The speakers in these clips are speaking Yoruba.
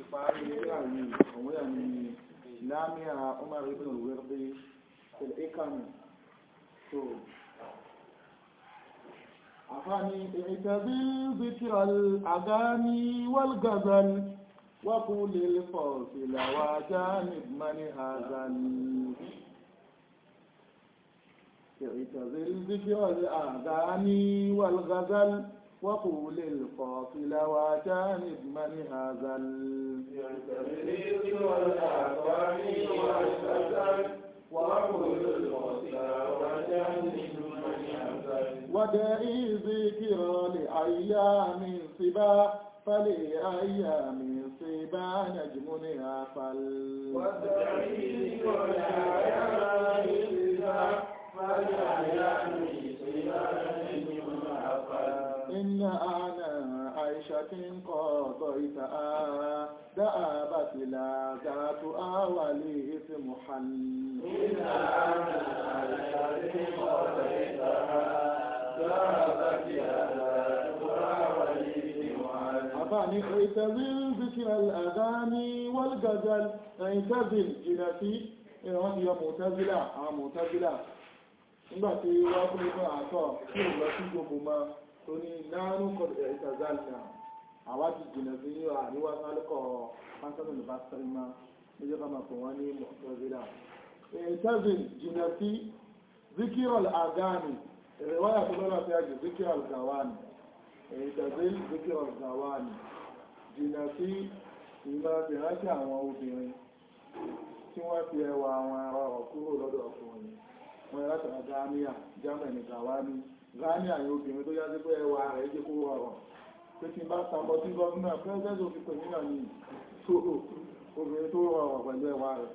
ìparí ilé àyè àwọn èèyàn ni lámìá Umar ibn al-Wardi ìkànnì tó àfáàní ìtàbí zikira al وجانب من هزني اعتزل ذكر الأذان والغزل وقول القافل وجانب من هذا التمريض والأعوان والفتن وقول القافل وجانب من هذا ودعي ذكر لأيام صبا فلأيام صبا نجمنها فل ودعي ذكر لأيام صبا فلأيام إن أنا عيشة قضيتها دآبت لا ذات أولي اسم حل إن أنا عيشة قضيتها دآبت لا ذات أولي اسم حل أفاني اعتزل ذكر الأغاني والجدل اعتزل جلتي ìran ìyọ mọ̀tẹ́zílà àwọn mọ̀tẹ́zílà nígbàtí wọ́n fún ìfún àtọ́ tí ò lọ sí gbogbo máa tó ní náírà kọ̀dọ̀ ìtàzánà àwájú jìnnà sí àríwá sálùkọ̀ pásítọ̀ ní pásítọ̀mà níjọ́ ká máa pè wọ́n ní mọ̀tọ́sílà ìtàzìn jìnnà sí zikirol agani ìrẹ̀wáyà tó lọ́la fi àjù zikirol gawani ìtàzìn zikirol gawani jìnnà sí ìmọ̀ àti rántí àwọn obìnrin tí wọ́n fi ẹwà àwọn ará ọ̀kúrò lọ́dọ̀ ọkùnrin wọn yàtọ̀ àgáníà jámẹ̀ ní gawani láàrin àwọn obìnrin tó yájú pé ẹwà rẹ̀ jẹ́ kó wà wọ̀ pé tí bá sàmọ́ sí gọ́ọ̀nà pẹ́ẹ́sẹ́sì òfin pè nílà ní tó obìnrin tó wà wọ̀ pẹ̀lú ẹwà rẹ̀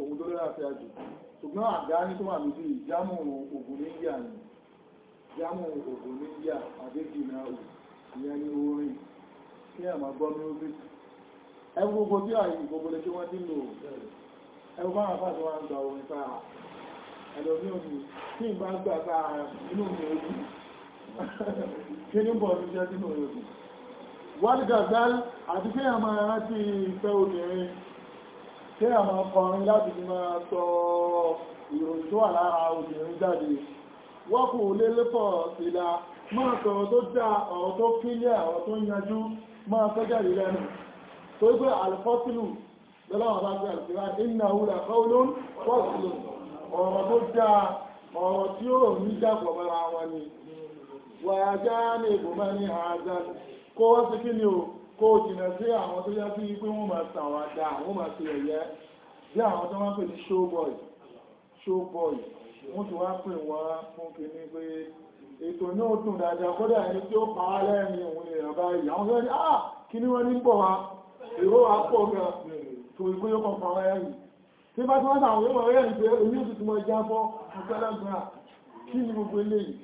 òun tó lọ́la fẹ́ àjò ṣùgbọ́n àdáni tó wà níbi ìjámù ògùn ní India ni jámù ògùn ní India àdéjìnà ìyẹn ní orin kí ẹ̀mà gbọ́ music ẹgbogbo tí àyè gbogbo lè kí wọ́n dín lò ẹgbogbo àwọn afáṣọ wa ń gba ẹlòmí òní tí ìgbà ń gbà ká inú mi ojú kí ní bọ̀ ní jẹ́ sínú ojú wọ́dìgàzál àti kí a máa rántí ìfẹ́ obìnrin kí a máa kọrin láti fi máa sọ ìròyìn tó wà lára obìnrin jáde wọ́pù lélẹ́pọ̀ sílá máa sọ̀rọ̀ tó dá ọ̀rọ̀ tó kílẹ̀ ọ̀rọ̀ tó yanjú máa fẹ́ jáde lẹ́nu tó gbé alfọ́sílù lọ́lọ́wọ́ bá gbé àlùfẹ́ ọ̀rọ̀ tó dáa ọ̀rọ̀ tí ó ní dàpọ̀ mọ́ra wọn ni wà á já ní ìbùmọ́ ní àádá kó wá sí kí ni o kó jìnà sí àwọn tó yá sí pé wọ́n máa tàn wá dáa wọ́n máa ṣe ẹ̀yẹ́ bí àwọn tó wọ́n pè ní showboy showboy wọ́n ti wá pè wọ́n fún kìíní pé ètò ní ó dùn dáadáa kódà ẹni tí ó pa á lẹ́rin òun èèyàn báyìí àwọn tó ní ah kí ni wọ́n ní pọ̀ wá èrò àpọ̀ gan tó ìgbóyókan pa wáyà yìí tí bá tí wọ́n sàwọn ìwọ̀n rẹ̀ ń pé omi ò tuntun mọ́ já fọ́ ọ̀pẹ́lẹ́gbọ́n kí ni gbogbo eléyìí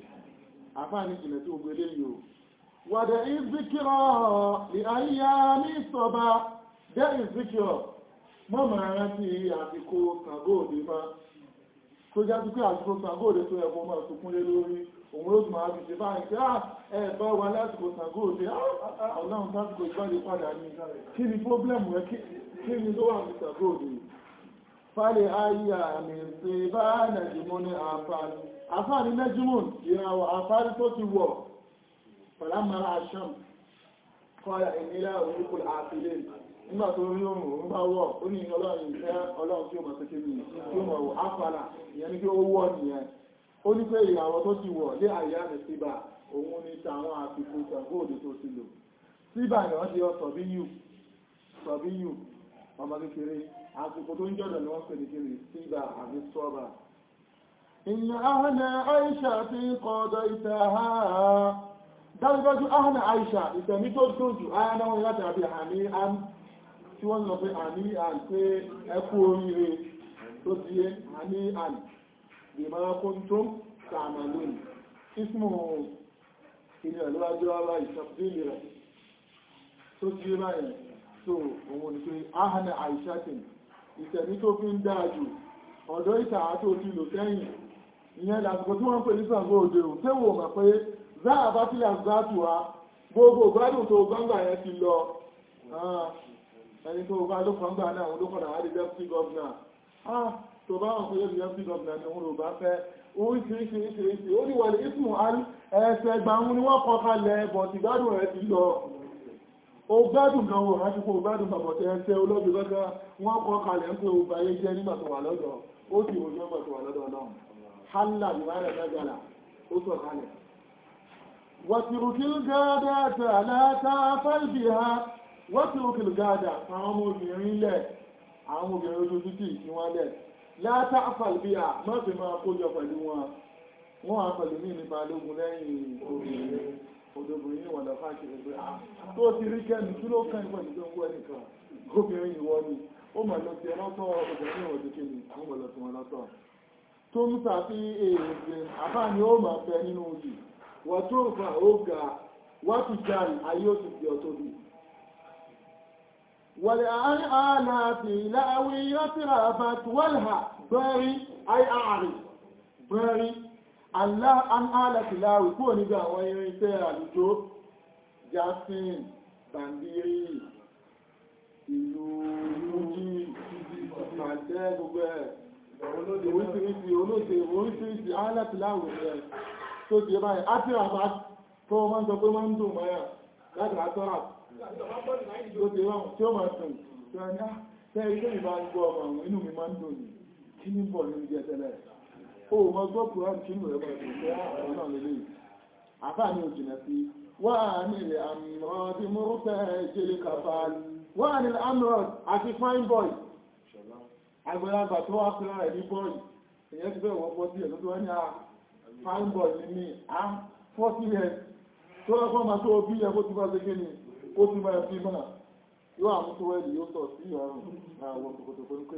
àfáà ní ìjìnlẹ̀ tí gbogbo eléyìí o wàdẹ̀ ìzíkírọ̀ ah, ah, ní ayá ní ìsọba jẹ́ ìzíkírọ̀ mọ́mọ̀ ara ti àsìkò fálẹ̀ ayé àmì ṣe bá nàìjíríà ní àfáàrí àfáàrí lẹ́jùmùn ìràwọ̀ àfáàrí tó ti wọ̀ pẹ̀lámàrà aṣọ́m kọ́lá ìnílá orúkú àfilé nígbà tó rí oòrùn oòrùn bá wọ̀ ó ní ọlọ́run ìfẹ́ ọlọ́run tí ó mọ̀ sókè mi tí ó mọ̀ wọ̀ áfàlà ìyẹn ni kí ó wọ̀ nìyẹn ó ní pé ìràwọ̀ tó ti wọ̀ lé àyè àmì síbà òun ni tàwọn àfikún tàgóòdù tó ti lò síbà ni àsìkò tó ń jọ́dọ̀ lọ́wọ́ pẹ̀lú kí ni síbà àbí sọ́bà inna ahna aisha fi qada itaha dájúdájú ahna aisha ìtẹ̀mí tó dùn jù ayá náà wọ́n láti àbí àmì àm tí wọ́n lọ pé àmì àm pé ẹkú oríire tó di àmì àm bima ara ìṣàkùnlé rẹ̀ tó di báyìí so òun ni pé ahna aisha tẹ̀mí ìtẹ̀mí tó fi ń dáa jù ọ̀dọ́ ìtàá tó ti lò sẹ́yìn ìyẹn lásìkò tí wọ́n pè ní Ṣàngó òde ò tẹ́wò mọ̀ pé záà bá tí a zá tù wá gbogbo gbádùn tó gbangba yẹn ti lọ ah, ẹni tó bá ló gbangba náà òun ló kọ̀dà wá di deputy governor ah tó bá wọn pé yóò di deputy governor ni òun ló bá fẹ́ oríṣiríṣiríṣiríṣi ó ní wọlé ìfún ẹsẹ̀ gbàmú ni wọ́n kọ kalẹ̀ bọ̀tì gbádùn rẹ̀ ti lọ ó gbádùn lọ́wọ́ rántí kó gbádùn bàbọ̀tẹ́ ẹsẹ́ olóbi gọ́gá wọ́n kọ́ kalẹ̀ ń pé ogun ayé jẹ́ nígbàtọ̀ wà lọ́dọ̀ ó sì wọ́n nígbàtọ̀ wà lọ́dọ̀ náà hálà ní wàrẹ̀ gbàgbàlà ó sọ kalẹ̀ wàtìrùkìl gáádà tẹ aláta fáìbì ha wàtìrùkìl gáádà àwọn ọmọ obìnrin lẹ̀ àwọn obìnrin ojú títì ní wọn lẹ̀ obìnrin ní wọ̀nà fáṣẹ ẹgbẹ́ à ah, tó ti rí kẹ́nu kí ló kàn ìwọ̀n ìjọ owó ẹnìkan obìnrin ìwọ ni ó mọ̀ lọ sí ẹ lọ́tọ̀ obìnrin ìwọ̀n tó kéde àwọn mọ̀ lọ sí wọn lọ́tọ̀ tó ń sàfí èèyàn àbá ni ó máa fẹ́ nínú òjì wọ́n tó fà ó ga wá ti jà ayé ó ti di ọ̀tọ̀ bí wọ́n àánà àti ìlà àwíyọ́ sí àbá tí wọ́n hà bẹ́rí àárín bẹ́rí aláàlẹ́kìláwì kúrò níbi àwọn irinṣẹ́ àlùjó jasin bàndírí ìlú lójí pàṣẹ gbogbo ẹ̀ oríṣiríṣi olóṣè oríṣiríṣi aláàlẹ́kìláwì rẹ̀ tó ti yẹ báyìí àti àbá tó wọ́n sọ pé wọ́n ń dùn mọ́yà láti látọ́rà tó ti rán tí ó máa sùn tí wọ́n ní á ah, tẹ́ ilé ìbá ń gbọ́ ọmọ inú mi máa ń dùn ní kí ní bọ̀ lórí jẹ́ tẹ́lẹ̀ òmọ gbọ́pù rán kí mọ̀ ẹ̀kọ́ ìpínlẹ̀ àwọn náà lè lèyìn àfáàní òjìnà sí wà nílẹ̀ àmìrọ̀dí múrúfẹ́ ìjẹ́lẹ̀ kàfààlì wà nílẹ̀ àmìrọ̀d àti fine boy agbẹ́lágbà tó wá pẹ́lá rẹ̀ ní boy èyàn ti bẹ̀rẹ̀ wọ́pọ̀ sí ẹ̀ tó ní à ah, fine boy ní mi à fọ́sí rẹ̀ tó lọ́pọ̀ máa tó bí ẹ̀ kó ti bá ṣe kí ni ó ti máa fi mọ́ yóò àmúṣọwẹ́lì yóò sọ sí ọrùn àwọn kòkòtò kò ní pé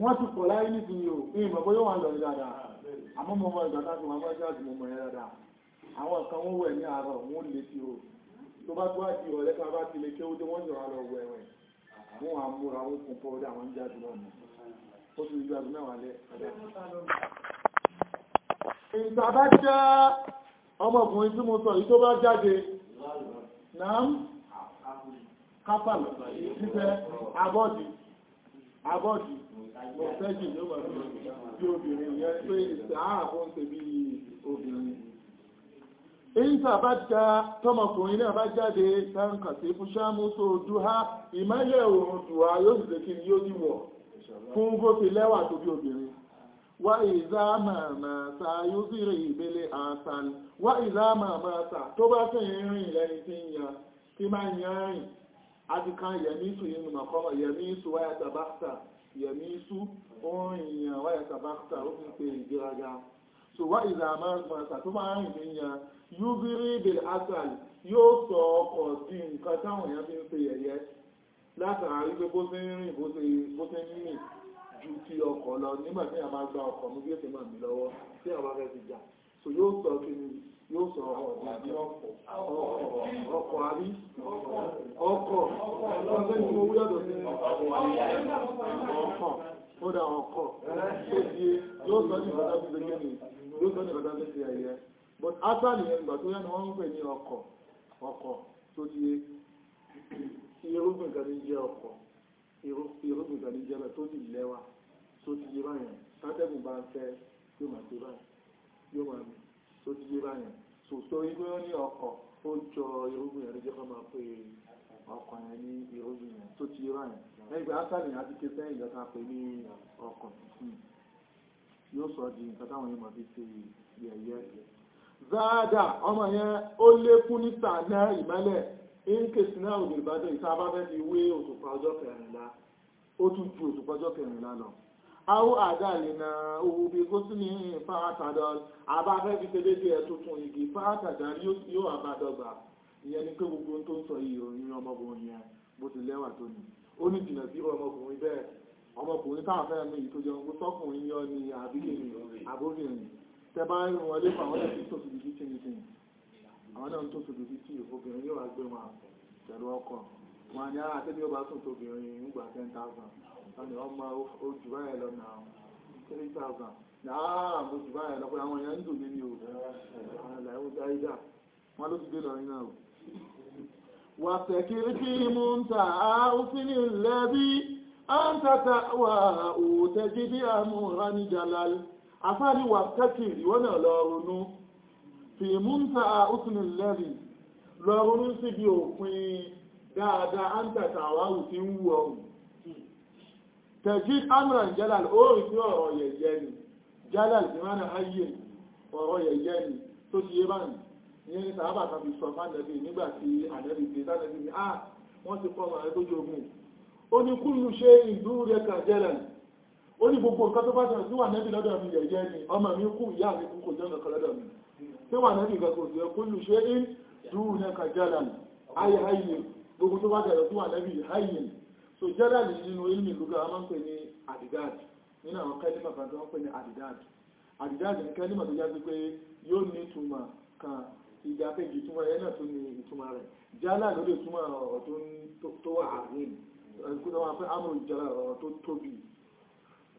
wọ́n ti pọ̀ láyé nísìnyí o ní ìmọ̀ bóyá wà lọ́rí dáadáa àmọ́ mo mọ ìgbà láti wọn mọ́já àti mo mọ̀ ẹ́ dáadáa àwọn kan wọ́n wẹ̀ ní àárọ̀ wọ́n lè fi o tó bá tó wá di ọ̀rẹ́ kan bá ti lè kéwú tó wọ́n yọ̀rọ̀ lọ wẹ̀ wẹ̀ wọ́n wà múra wọ́n kún pọ̀ dé àwọn jáde lọ nù ó ti gbàgbé mẹ́wàá abọ́dì abọ́dì ọ̀sẹ́jì ló wà ní bí obìnrin yẹn pé ìsàáàbò ń ṣe bí obìnrin èyí tà bá já tọmọkùnrin náà bá jáde táǹkà sí fún ṣáàmù tó dúhá ìmọ́lẹ̀ òun dùhá yóò sì lékí ni yóò níwọ̀ fún bó ti lẹ́wà tó bí obìnrin wá ìzá màmà sa yóò sì rí ìbẹ̀lẹ̀ àṣàn wá ìzá màmà sa tó bá fẹ́ rìn lẹ́ni tí ń yan tí máa ń yan rìn àti kan yẹ̀mí sùn yìí nùmọ̀kọ́mọ̀ yẹ̀mí sùn wáyà tàbátà yẹ̀mí sú òun ìyàn wáyà ó fi ń ìgbéraga so wá ìlà àmọ́ràn tó máa ń rìn níyàn yóò bí rí bèèrè asal yóò sọ ọkọ̀ di nǹkan táwọn èèyàn fi ń pe yẹ̀yẹ́ látara wípé bó ṣe ń rìn bó ṣe ń rìn ju ti ọkọ̀ lọ nígbà tí a máa gba ọkọ̀ mú bí ó ṣe máa mí lọ́wọ́ tí àwọn afẹ́ ti jà so yóò sọ kìnnì yóò sọ ọkọ̀ àrí ọkọ̀ ọgbẹ́ ni mo wúyọ̀dọ̀ sí ọkọ̀ ó dá ọkọ̀ e? yóò sọ ní ìbàdá sí gbẹ́gbẹ́ni yóò sọ ní ìbàdá sí ẹ̀yẹ but after the end gbàtó yẹn ni wọ́n ń pè ní ọkọ̀ ọkọ̀ tó di e, irúgbìn kan ní jẹ́ ọkọ̀ irúgbìn kan ní jẹ́ bẹ̀ tó di lẹ́wà tó di yé báyẹn tátẹ́gùn bá ń fẹ́ yóò máa ṣe báyẹn yóò máa tó ti yé báyẹn sòsò igbó ní ọkọ ó jọ irúgbìn yẹn jẹ́ kó máa pé ọkọ̀ yẹn ní irúgbìn yẹn tó ti yé báyẹn ẹgbẹ́ asàlì yẹn àti kéfẹ́ ìjọ ká pé ní ọkọ̀ yóò sọ di nǹkan táwọn yóò máa fi ṣe yẹ̀yẹ́ záàdà ọmọ yẹn ó lékún ní sàánà ìmọ́lẹ̀ náà ìta bá fẹ́ fi lọ àwọn àdáàlìnà òhùbí gósìlì fáátàdọ́ àbáfẹ́ fi tẹ́lé bí ẹ̀tùtùn igi fáátàdá yóò àbádọ́gbà ìyẹn ni pé gbogbo tó ń sọ yìí òyìn ọmọkùnrin yẹn bó ti lẹ́wà tó ní ó ní jìnà sí ọmọkùnrin bẹ́ẹ̀ ọmọkùnrin táwọn fẹ́ràn ní ìtòjọ ọgbọ́n sọ́kùnrin yọ ní àbíkìnrin àbóbìnrin tẹ bá ń wọlé fún àwọn ẹ̀sìn tó ti di bí tí àwọn náà tó ti di bí tí obìnrin yóò wá gbé wọn pẹ̀lú ọkọ̀ wọn ni ara ah, tẹ́lẹ̀ ọba sùn tóbìnrin ń gba ten thousand wọn ni ọmọ ojú báyìí lọ nà three thousand náà ah, ojú báyìí lọ pé àwọn èèyàn ń dùn mí ni o àlàyé dáríjà wọn ló ti dé lọ iná o. wàtẹ̀kì fi mú ń ta òfin lẹ́bí àǹtàtà wà òtẹ́jì bí àmúra ní jalal afáàlì wàtẹ̀kì ìwọ náà lọ ronú fi mú ń ta òfin lẹ́bí lọ ronú síbi òpin dáadáa á ń tàtà àwáwù tí ń wù ọ̀hún tẹ̀jí amran jalal ó rí sí ọ̀rọ̀ yẹ̀yẹ́ ni jalal ti máa ń ayé ọ̀rọ̀ yẹ̀yẹ́ ni tó ti yé báyìí ìyẹn ní sàábà kan fi sọ fánẹ́bì nígbà tí ànẹ́bì ti sánẹ́bì ni a ah, wọ́n ti kọ́ ọmọ rẹ tó jogun ó ní kúlù ṣe ìlú rẹ kà jalal ó ní gbogbo nǹkan tó bá sọ̀rọ̀ sí wà nẹ́bì lọ́dọ̀ mi yẹ̀yẹ́ ni ọmọ mi kú ìyá mi kú kò jẹ́ nǹkan lọ́dọ̀ mi tí wà nẹ́bì kan kò sí ṣe ìlú rẹ jalal ayé ayé gbogbo tó bá jẹ̀rọ tó wà lẹ́bí hayin so jẹ́rẹ̀lì nínú ilmi lugha a máa ń pè ní àdìdáàd nínú àwọn kẹ́límà kan tó ń pè ní àdìdáàd àdìdáàd ní kẹ́límà tó jáde pé yóò ní ìtumọ̀ kan ìgbà kejì ìtumọ̀ yẹn náà tó ní ìtumọ̀ rẹ̀ jálà ló lè túmọ̀ ọ̀rọ̀ tó wà àárín ẹ̀kúta wọn pé amúrò ìjọra ọ̀rọ̀ tó tóbi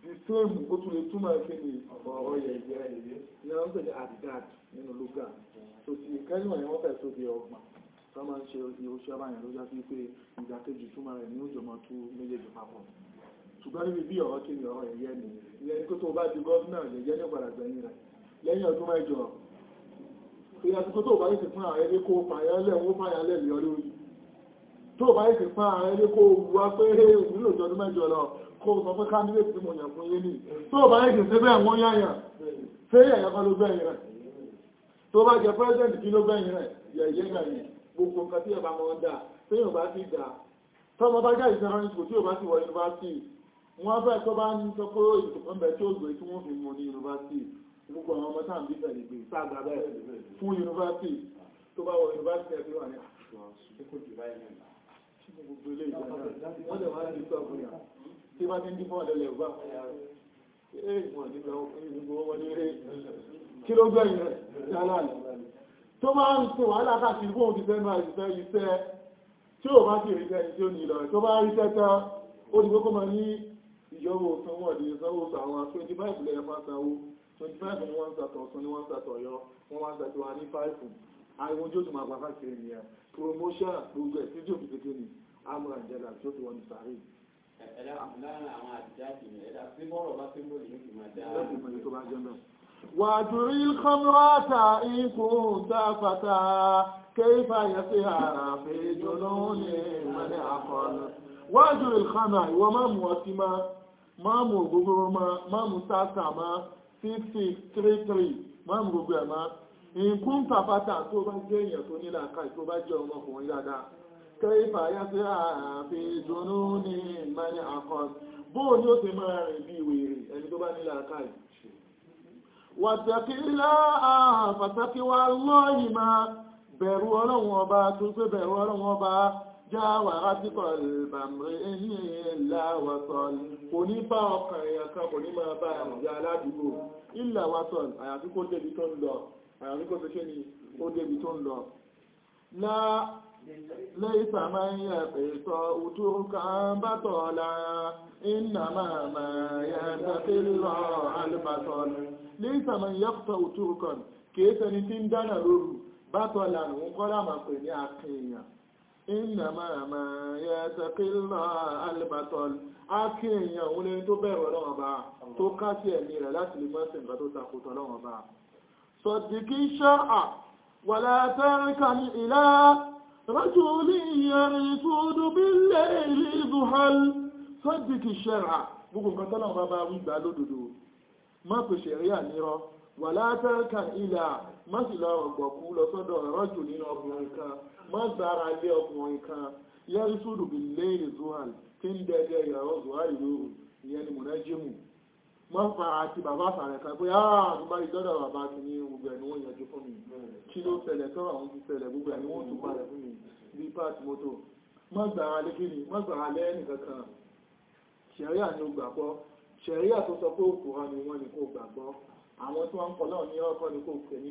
the same ó tún lè túmọ̀ kí ni ọ̀rọ̀ yẹ ìyá ẹ̀yẹ ní wọ́n pè ní àdìdáàd nínú lugha so ti kẹ́límà yẹn wọ́n fẹ́ sóbi ọgbọ̀n tó máa ń ṣe oṣù abáyàn ló já sí pé ìdàkejì túmọ̀ rẹ̀ ní òjò mọ́ tú méjèèjì papọ̀ ṣùgbọ́n níbi bí ọ̀rọ̀ kí ni ọ̀rọ̀ ẹ̀yẹ́ ni ìyẹn kó tó bá di gọ́ọ̀nà ẹ̀yẹ́ ní padà gbẹ̀yìn rẹ̀ lẹ́yìn ọdún mẹ́jọ ìyẹn kó tó bá yìí ti fún ààrẹ ní kó pààyàn lẹ́wọ́ pààyàn lẹ́lẹ́ lórí tó bá yìí ti fún ààrẹ kó wá pé ìwúlò ọdún mẹ́jọ lọ kó sọ pé candidate tí mo yàn fún yé ní tó bá yìí ti sẹ́bẹ̀ wọ́n yáyàn fẹ́ yẹ̀yẹ́ kan ló gbẹ̀yìn rẹ̀ tó bá jẹ́ president kí ló gbẹ̀yìn rẹ̀ yẹ̀yẹ́ náà yìí gbogbo nǹkan tí ẹ̀bá mọ́ dà tí yóò bá sì dà tọ́mọ bá jáde sẹ́rọ ní kò tí yóò bá sì wọ yunifásitì wọ́n fẹ́ tó bá ní sọ pé ìtùkọ́ bẹ̀ tí ó gbé tí wọ́n fi mú ní yunifásitì gbogbo àwọn ọmọ sáà ń bí bẹ̀rẹ̀ gbé sáàgbà bẹ́ẹ̀ fún yunifásitì tó bá wọ yunifásitì ẹgbẹ́ wà ní gbogbo ilé ìjọba wọ́n tó máa ń ṣe wàhálà káàkiri fún òṣìṣẹ́ náà ìṣẹ́ iṣẹ́ tí ó bá sì rí iṣẹ́ tí ó ní ìlọrin tó bá rí iṣẹ́ tán ó ti gbogbo máa ní ìyọ́wò sanwó ọ̀dẹ̀ sanwó àwọn 25 lẹ́yìn fásanwó 25 ni wọ́n ń sàtọ̀ ọ̀sán ni wọ́n ń sàtọ̀ ọ̀yọ́ wọ́n wá ń sàtọ̀ wá ní 5 àwọn ojú òtún máa pàpà kiri ni promotion gbogbo ẹ̀ tíjú òkú kékeré ni amúra ìjẹta tí ó ti wọ́n ní sàárè. ẹ̀ẹ́dá láàrin àwọn àdìjáde ẹ̀dá sí bọ́ọ̀rọ̀ bá sí mọ́ وأجري الخمرة إن كنت فتى كيف يسهر في جنون من عقل وأجري الخمر وما موسما ما مغبرما ما متاسما 6633 ما مغبرما إن كنت فتى tó bá jẹ́ èèyàn tó ní làákàyè tó bá jẹ́ ọmọkùnrin dáadáa كيف يسهر في جنون من عقل bóò ni ó ti máa rìn bí wèrè ẹni tó bá ní làákàyè واتق الله فتقوى الله ما bẹ̀rù ọlọ́run ọba tó pé bẹ̀rù ọlọ́run ọba já wàrá tí kọ̀ bàmìrì ẹ̀yìn ìlàwàtọ̀ kò ní bá ọkàn èèyàn kan kò ní máa bá ìyá aládùúgbò ìlàwàtọ̀ àyàfi kó débi tó ń lọ àyàfi kó fẹ́ṣẹ́ ilọ̀ alìbàtọ̀ ni lẹ́yìnsà máa yàtọ̀ òtún kan kìí sẹni tí ń dáná lóru bátọ̀ lànà ń kọ́ láàmà pè ní akéèyàn ìnà máa máa yàtọ̀ ilọ̀ alìbàtọ̀ ni akéèyàn òun lẹ́ni tó bẹ̀rù رجل يرثون بالليل ضحى صدق الشرع gbogbo nǹkan tọ́lọ̀ bá bá wí gbà lódodo má pè ṣẹ̀ríà nírọ́ wà látẹ́ẹ̀kà ilà má sì lọ ọ̀gbọ̀kú lọ sọ́dọ̀ rọ́jù nínú ọkùnrin kan má gbára lé ọkùnrin kan yẹ́rí sùdù bí lẹ́yìn zuhal tí ń dẹ́gẹ́ ìyàwó zuhal lóru ìyẹn ni mùnà jímù má fa àti bàbá sàrẹ̀ kan pé áà tó bá ìdọ́dọ̀ bàbá ti ní gbogbo ẹ̀ ni wọ́n yanjú fún mi kí ló ṣẹlẹ̀ tọ́ àwọn ti ṣẹlẹ̀ gbogbo ẹ̀ ni wọ́n tún parẹ̀ fún mi bí pàtí mọ́tò má gbára lé kí ni má gbára lé ẹnì kankan ṣẹ̀ríà ni ó gbàgbọ́ ṣẹ̀ríà tó sọ pé òkú hàn ni wọ́n ní kó gbàgbọ́ àwọn tí wọ́n ń kọ́ náà ní ọkọ́ ni kò pè ní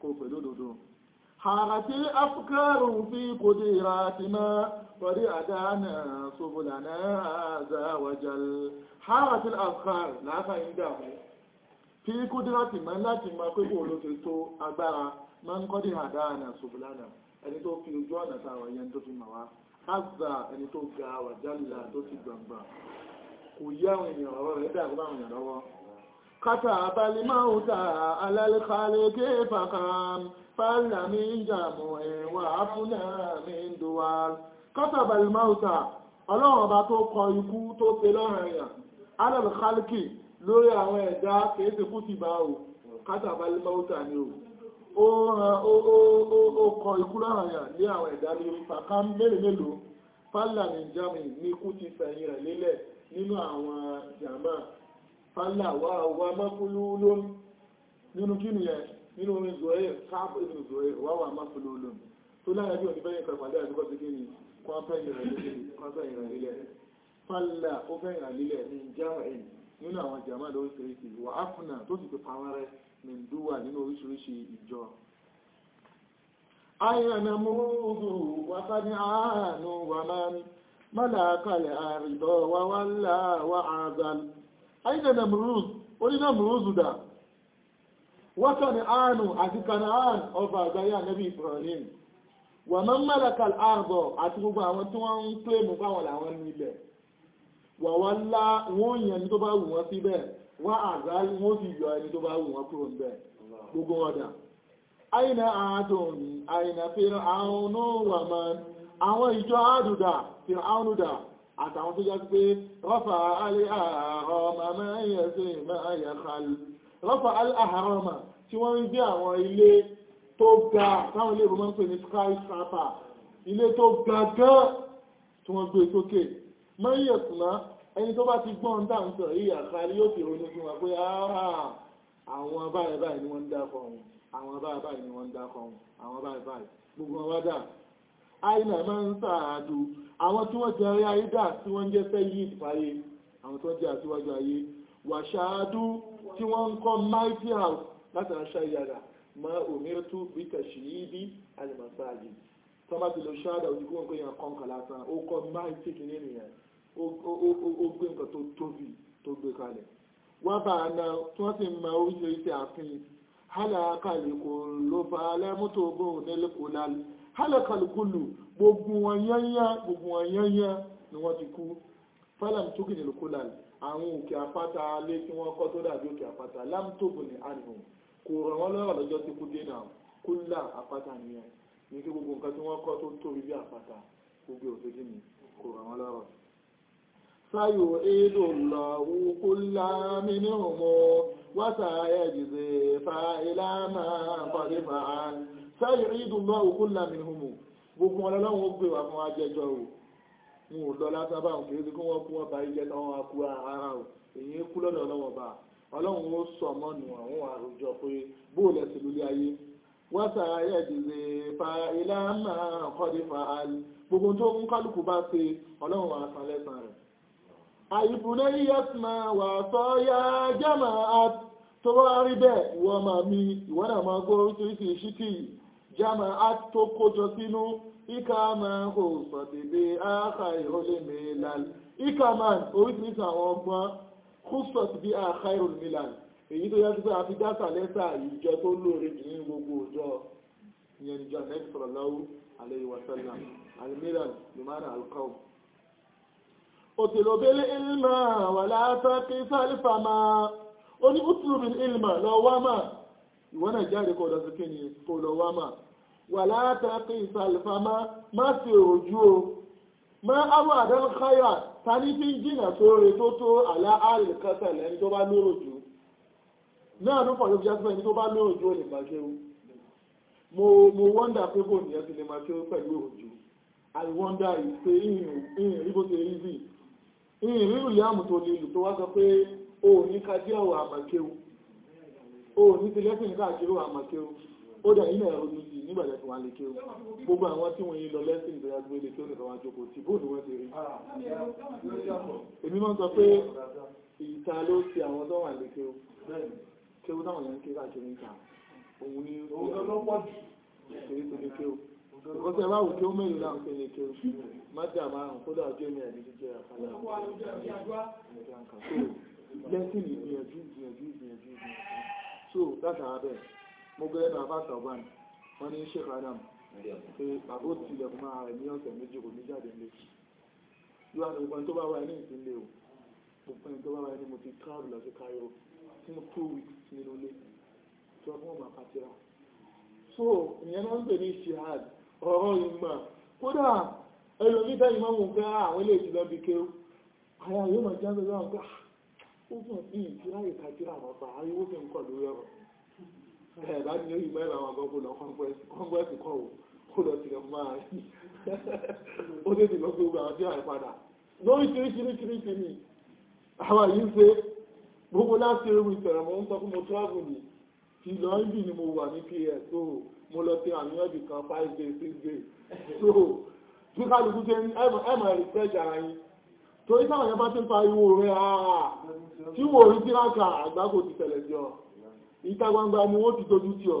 kò pè lódodo hàràtí afkárùn fi kò dé ìrà àti náà pẹ̀lú àdáánà sóbùlà náà àzáwájal fi kò dé láti mọ́ láti máa pé kò ló ti tó agbára máa ń náà ẹni azà ẹni tó ga wàjálà tó ti gbàngbà kò yí àwọn èèyàn ọ̀rọ̀ rẹ̀ dàgbà àwọn èèyàn lọ́wọ́ kátà abalẹ̀ máa ń ta alálẹ́kálẹ̀ kéfàkàm fàlà mi ń jàmù ẹ̀wà fúnà mi ń dùwà kátà abalẹ̀ máa ń ta ọlọ́run ọba tó kọ ikú tó pe lọ́rùn ó kọ ikú lára yà lé àwọn ẹ̀dá lórí pàká mẹ́rin mélòó fálà ní germany ní kú ti fẹ̀yìn rẹ̀ lélẹ̀ nínú àwọn jàmá fálà wà wà mọ́kúlú lónìí nínú kínú yẹn nínú orin zoe káàbù ìlú zoe wà wà mọ́kúlú lónìí tó lára bí òní fẹ́yìn pàpàdé àdúgbò sí kí ni kọ́ fẹ́yìn rẹ̀ lélẹ̀ fálà ó fẹ́yìn rẹ̀ lélẹ̀ ní germany nínú àwọn jàmá lórí mìndúwà nínú oríṣiríṣi ìjọ ayẹ̀nà múrùdù wàtàdí àánú wà mọ́láàkàlẹ̀ àrìdọ̀ wà wà láàwà àgbàl ayẹ̀nà múrùdù orílẹ̀ múrùdù dà wàtàdí àánú àti kanaan ọba àgbáyé ànábì Ibrahim wà mọ́ mọ́láàkàlẹ̀ àrìdọ̀ àti gbogbo àwọn tí wọ́n ń pè mú báwọn làwọn nílẹ̀ wà wà láà wọ́n yẹn tó bá wù wọ́n síbẹ̀ wọ́n àgbà wọ́n sì yọ ẹni tó bá wù wọ́n kúrò níbẹ̀ gbogbo ọ̀dà àìnà àádùn àìnà fèrè àwọn ọ̀wàmọ́ àwọn ìjọ àádùdà fèrè àwọn ọ̀dà àtàwọn tó jẹ́ pé rọ́fà al-ahrama rọ́fà al-ahrama tí wọ́n ń gbé àwọn ilé tó ga táwọn ilé ìrùmọ́ ń pè ní skyscraper ilé tó ga gan tí wọ́n gbé sókè mẹ́yẹ̀kùnmá ẹni tó bá ti gbọ́n dá ń sọ yìí àkàrí yóò fi ronú fún wa pé àwọn báyìí báyìí ni wọ́n ń dákọ̀ ọ̀hún àwọn báyìí báyìí ni wọ́n ń dákọ̀ ọ̀hún àwọn báyìí báyìí gbogbo wọn dà àìnà máa ń sàádù àwọn tí wọ́n jẹ́ ayé dà tí wọ́n jẹ́ sẹ́yìn ìfàyè àwọn tí wọ́n jẹ́ àtiwájú ayé wà ṣáádú tí wọ́n ń kọ́ mighty house láti aṣá ìyàrá ma òmìnir tó bí tẹ̀sí ibi alìmọ̀sáàjì tọ́bá ti lọ ṣáádà òjìkú wọn pé yàn kọ́ńkà lásán ó kọ́ mighty kìíní nìyẹn ó gbé nǹkan tó tóbi tó gbé kalẹ̀ wọ́n bá àna tí wọ́n sì ma oríṣiríṣi àfihàn hálàákàlì kò ló fa alẹ́mútò ogun nílùkù lálẹ́ hálàkàlùkùlù gbogbo gbogbo wọn yányá ni wọ́n ti kú fálàm tókì nílùkù lálẹ́ àwọn òkè àpáta alé tí wọ́n kọ́ tó dàbí òkè àpáta lámtóbù Ni àdùn kò rọ̀ wọ́n lọ́rọ̀ lọ́jọ́ tí kú dé náà kúlà àpáta nìyẹn ní kí gbogbo nǹkan tí wọ́n kọ́ tó tóbi bí àpáta gbogbo òfin kò rọ̀ wọ́n lọ́rọ̀ سيعيد الله كل منهم وسيجزي فإلى ما قد فعل سيعيد الله كل منهم gbogbo wọn lọ́wọ́ ó gbé wà fún ajẹjọ́ o wọn ò lọ lásán báwọn kìí sí kí wọ́n kú wọn bá ilẹ̀ ọlọ́wọ́ bá ọlọ́run ó sọ mọ́nù àwọn àròjọ pé bóòlẹ̀ sí lórí máa gbogbo tó ń kálukú bá ṣe ọlọ́run àtàlẹ́sàn rẹ̀ àìbùnẹ́yẹ́ ma wà sọ́yá jẹ́mà tó bá rí bẹ́ẹ̀ ìwọ ma mi ìwọ náà ma gbọ́ oríṣiríṣi ṣíkì jẹ́mà tó kójọ sínú ìka ma kò sọ̀tẹ̀lẹ̀ àkà ìrọ̀lẹ̀ mẹ́lal ìka ma oríṣiríṣi àwọn ọgbọ́n kò sọ̀tẹ̀lẹ̀ àkà ìrọ̀lẹ̀ mẹ́lal èyí tó yẹ kí a fi dá òtìlò bílí ilmà wà látàkì sálífàmà ó ní òtìlò bílí ilmà lọ wá mà ìwọ́n náà jáde kọ́ ọ̀dọ̀ síkè ní kò lọ wá mà wà látàkì sálífàmà má sì òjú o má áwọ̀ àdánkháyà tani fi ń jìnà tó re tó tó àlá àrìkásà tó bá lóró jù náà ló pọ̀lú bíjá sípẹ́ tó bá lóró jù ó lè máa ṣe mo mo wonder pé bò ní ẹ ti lè máa ṣe pẹ̀lú òjò i wonder if ṣe ìhìn ìhìn rí bó ṣe rí bíi ìrírù yáàmù tó lè lù tó wá sọ pé o ní kájí ọ̀rọ̀ àmàkéwu o ní ti lẹ́sìn káàkiri àmàkéwu ó dà nínú ẹ̀rọ ní yìí nígbàdẹ̀ tí wọ́n lè kéwu gbogbo àwọn tí wọ́n yìí lọ lẹ́sìn ìgbéra gbé lè kéwu nìkan wájú kò tí bóòdù wọ́n ti rí èmi máa ń sọ pé tó wà lè ó tẹ́ báwò kí ó mẹ́rin náà pé lè kí o mọ́jà márùn-ún kódà ojú ẹ̀mí àti jíjẹ́ àfàlà lẹ́sìn ìgbìyànjú ìgbìyànjú ìgbìyànjú so látara bẹ́ẹ̀ mo gẹ́gẹ́ bá fásitì ọ̀bán wọ́n ní Sheikh Adam pé bàbá ó tilẹ̀ fún ara rẹ̀ ní ọ̀sẹ̀ méjì kò ní jáde lé yóò àti gbogbo ẹni tó bá wáyé ní ìpínlẹ̀ o gbogbo ẹni tó bá wáyé ní mo ti travel lọ sí Cairo fún two weeks nínú ilé tí wọ́n fún ọmọ àpàtìrà so ìyẹn náà ń pè ní shihad ọ̀rọ̀ ìmọ̀ kódà ẹlòmíta ìmọ̀ mú fẹ́ ah, àwọn ilé ìjìlọ bí kéwú ara yóò máa jáde lọ́wọ́ pé ah, ó fún bí ìtura ìkàkiri àwọn ọba ariwo fi ń kọ̀ lórí ọ̀rọ̀ ẹ̀ bá ní orí mẹ́rin àwọn ọgbọ́n lọ kọ́ńgbẹ́sì kọ́ ò kó lọ sílẹ̀ fún ara rẹ̀ ó tètè lọ sí ogun àwọn tí wàá padà lórí kìrìkìrìkìrì ni àwọn yìí ń ṣe gbogbo láti ewu ìtẹ̀rẹ̀mọ́ ń sọ fún mo travel ni ìlọ ń bì ni mo wà ní ps mo lọ sí àmì ọ̀dì kan five days six days so bí kálukú ṣe ẹ̀mọ̀ ẹ̀rí pẹ́jà ara yín torí táwọn yẹn bá ti ń pariwo rẹ̀ àà tí wò rí tí láka àgbákò ti tẹ̀lẹ̀ sí ọ ìta gbangba ni wọ́n ti dojú sí ọ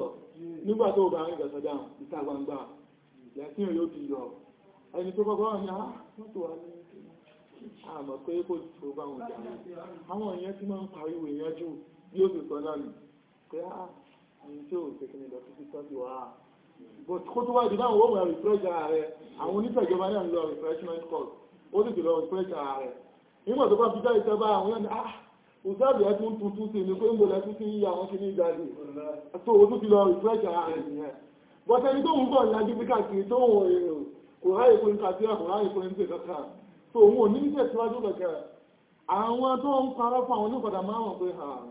nígbà tó bá ń gẹ̀sọ̀ dáhùn ìta gbangba lẹ́sìn yóò ti yọ ẹni tó kọ́kọ́ ní àmọ́tò wà ní àmọ́ pé kò tó bá wọn jà àwọn èèyàn ti máa ń pariwo èèyàn jù bí ó fi sọ náà nì pé ní tí ò tẹ̀kínì lọ sí títọ́jú wa but kó tó wá ìdí náà wọ́n wọ́n refresh ara rẹ̀ àwọn onífẹ̀jọba náà ń lọ refreshment course ó sì ti lọ refresh ara rẹ̀ nígbà tó bá fi jáde tẹ́ bá àwọn yẹn ni ah òsáàbì ẹ̀ tún tuntun sí ni pé ń bolẹ̀ tún sí yíya wọn ṣe ní ìjáde so ó tún ti lọ refresh ara rẹ̀ nìyẹn but ẹni tó ń bọ̀ ìyájú bí káàkiri tó ń wọ èrò kò ráyè pé ń kàtí àkò ráyè pé ń tè kankan so òun ò ní ní tẹ̀síwájú kankan àwọn tó ń parọ́ fún àwọn onípadà máa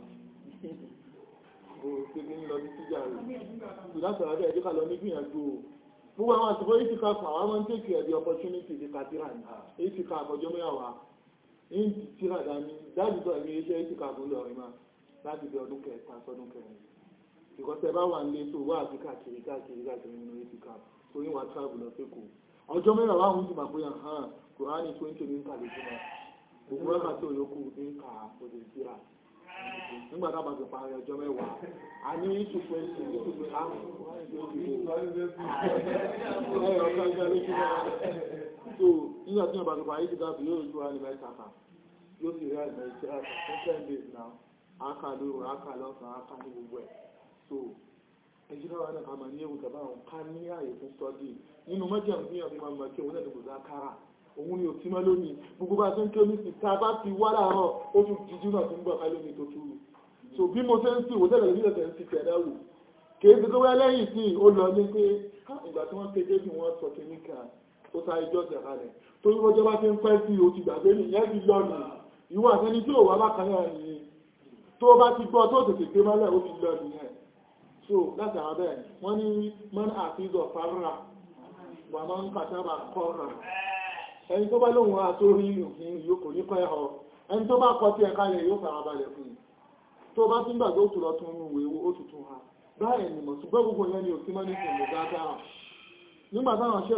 ṣe ní lọ ní síjà rẹ̀ ìdásọ̀rọ̀ bẹ́ẹ̀ ẹjọ́ ká lọ nígbìyànjú o gbogbo àwọn àtìkọ́ èyí ti ká fún àwọn máa ń tèkì ẹ̀dí opportunity ti ka tíra ní èyí ti ká àkọjọ́ mẹ́wàá ní tíra dání dájú tó ẹ̀mí iṣẹ́ èyí ti ká fún lọ́rin máa láti bí ọdún kẹta sọdún kẹrin ìkọ́sẹ̀ bá wà nílé tó wà àti káàkiri káàkiri káàkiri nínú èyí ti ká torí wà travel lọ sékòó ọjọ́ mẹ́wàá wà ń jùmọ̀ bóyá hàn kùránì tó ń tèmi ń kàlejò náà gbogbo ẹ̀ka tó yókù ní ká òdè tíra nígbà tá a bá parí ọjọ́ mẹ́wàá a ní ìtùpẹ́ ìtùpẹ́ láàmú ẹ̀rọ kan jẹ́ lójú náà so nígbà tí wọ́n bá ti parí ìdíkà bí yóò ju àlè mẹ́ta kan yóò sì rí àlè mẹ́ta kan fún ten days now aka lóru aka lọ́sàn-án aka ní gbogbo ẹ̀ so ẹ̀jẹ̀ wa náà a máa ní ewu tàbá àwọn ká òun ni ò tí mọ́ lónìí gbogbo bá tó ń kí oníṣì tá a bá ti wá láàárọ̀ ó tún jíjú náà tó ń gbọ́ ọ̀ká lónìí tó túrú so bí mo ṣe ń sì wò tẹ́lẹ̀ nílẹ̀ tẹ̀ ń sì tẹ̀ kì í ṣe tó wá lẹ́yìn sí ó lọ ní pé ìgbà tí wọ́n kéde bí wọ́n sọ kìíní ó sáré jọ́ ìjàmbá rẹ̀ torí wọ́n jọba ti ń pẹ́ sí o ti gbàgbé nìyẹn ti lọ nù ìwọ àtẹni tí ò wá bákan náà nìyẹn tó bá ti ẹni tó bá lóhun àtórí òfin yòókù ní pẹ́ ẹni tó bá kọ tí ẹ̀ka rẹ̀ yóò farabalẹ̀ fún tó bá tún gbàgbé ó tùrọ tún ìwé ó tuntun ha báyẹ̀ ni ṣùgbọ́n gbogbo yẹn ni òsì mọ́ni fún ìgbà dáhùn nígbà táwọn ṣe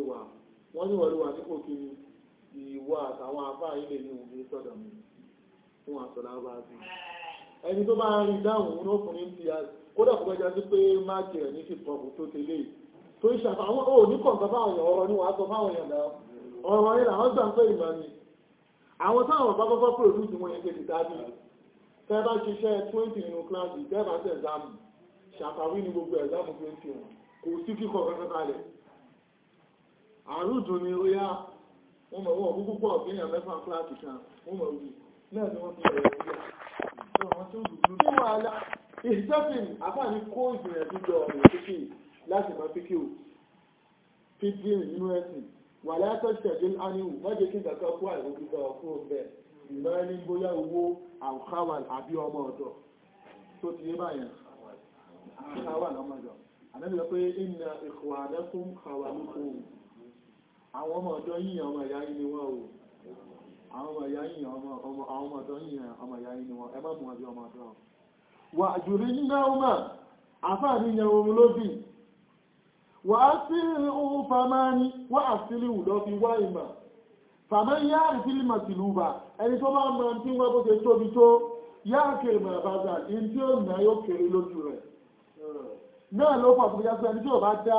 yóò wà wọ́n ní wọ̀lú wà nípò kí ìwọ àtàwọn àfáà ilẹ̀ ní òun ní sọ́dọ̀ mi fún àtọ̀lá bá sí ẹni tó bá rí dáhùn ọkùnrin ti a kódà kò gbẹjọ sí pé máàkì rẹ̀ ní fi pọ̀pù tó tẹ̀lé tó ń ṣàfà àwọn ò ní kọ̀ǹkan fáwọn èèyàn ọ̀rọ̀ ní wàá sọ fáwọn èèyàn lọ ọ̀rọ̀ yẹn làwọn gbà ń pè ìmọ̀ ni àwọn táwọn bá kọ́kọ́ pòròdúsì wọn yẹn ti dájú tẹ́ bá ṣiṣẹ́ twenty nínú kíláàsì tẹ́ bá ṣe ẹ̀zámù ṣàfàwí ní gbogbo ẹ̀zámù twenty wọn kò sí kíkọ̀ kankan kalẹ̀ àrùdùn ni ó yá wọ́n mọ̀ wọ́n kúkú pọ̀ bí èèyàn mẹ́fà kíláàsì kan wọ́n mọ̀ wí náà ni wọ́n fi ọ̀rọ̀ sí àwọn tó dùdú ní wàhálà ìjọsìn àbáni kó ìgbìyànjú jọ ọ̀rọ̀ pípì láti mọ pípì ò pípì nínú ẹ̀sìn wà látọ̀ ṣẹ̀dé ánìwò wọ́n jẹ́ kí ìgbàgbọ́ kó àìrójúgbà ọ̀fún ọ̀bẹ ìmọ̀ ẹni bóyá owó àwòkáwà àbí ọmọ ọ̀dọ̀ tó ti yé báyẹn àwà lọ́mọdọ̀ àdébìyàn pé ìnà ìkọ̀wà lẹ́kùn kàwà lókòó àwọn ọmọ ọ̀dọ́ yìnyàn ọmọ ìyá yìí ni wọ́n o àwọn ọmọ ìyá yìnyàn ọmọ ọ̀dọ́ yìnyàn ọmọ ìyá yìí ni wọ́n ẹmọ́ mú ọjọ́ ọmọ ọ̀dọ́ wà jùrí nígbà ọmọ àfáàrí yẹn ohun lóbi wà á sí ohun famani wà á sí lè wùdọ́ fi wá ìmọ̀ fàmẹ́ yá kèrè mọ̀ àbáza ní tí ó nà yóò kèrè lójú rẹ̀ náà ló fà sí ẹni tí ò bá dá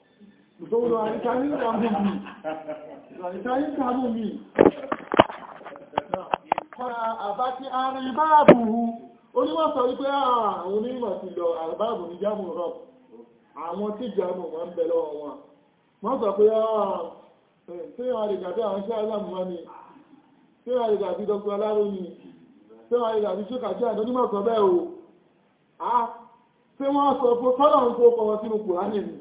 Ìgbòrò àríkáyí kàmù mi. Kọ́ra àbá tí a rí báàbù hù, onímọ̀ sọ wípé àwọn ah, onímọ̀ ti lọ àbáàbù ní jámù rọ̀. Àwọn tí jámù wọ́n ń bẹ lọ́wọ́ wọn. Wọ́n sọ pé tí ah, wọ́n rí gàbí àwọn iṣẹ́ alámùwá ni, tí wọ́n rí gàbí Dr. Aláró ni, tí wọ́n rí gàbí Ṣókàjẹ́ àdónímọ̀ sọ bẹ́ẹ̀ o. Tí ah, wọ́n sọ fún sọ́dọ̀ ń kó kọ́ wọn sínú Kùránì ni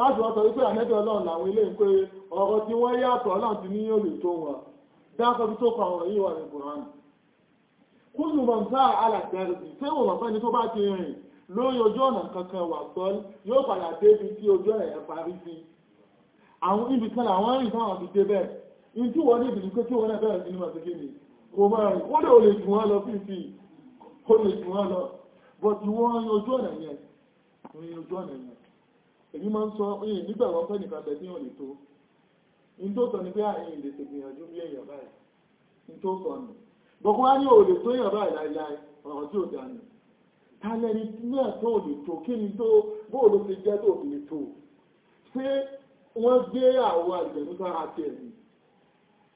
táàtì wọ́n sọ wípé àmẹ́bẹ̀ ọlọ́run làwọn ilé ń pé ọ̀rọ̀ tí wọ́n yàtọ̀ ọlọ́run ti ní olè tó wọn dákọ̀ bí tó kọ àwọn yìí wà ní kùránì kúlù mọ̀ sáà alàtẹ̀rẹ̀ sí tí wọ́n fẹ́ tó bá ti rìn lórí ojú ọ̀nà kankan wà sọ yóò padà débi tí ojú ọ̀nà yẹn parí sí àwọn ibi kan làwọn rìn fáwọn fi dé bẹ́ẹ̀ in tí wọ́n níbi ní pé tí wọ́n bẹ̀rẹ̀ sí ní màtí kò máa rìn ó lè olè jù wọ́n lọ fífi ó lè jù lọ bọ̀ tí wọ́n rìn ojú ọ̀nà yẹn rìn ojú ọ̀nà yẹn èmi máa ń sọ ẹ̀yìn nígbàgbọ́ pẹ́ nìkan bẹ̀ tí wọ́n lè tó in tó sọ ní pé àyìn lè ṣe gbìyànjú bí èèyàn báyìí in tó sọ nù bọ̀kún wá ní òòlè tó èèyàn báyìí láìláì ọ̀rọ̀ tí ò dànù tálẹ́ni náà tó lè tó kí ni tó bóòlù ti jẹ́ tó lè tó ṣé wọ́n gbé àwọn àjẹ̀mú sára ti ẹ̀mí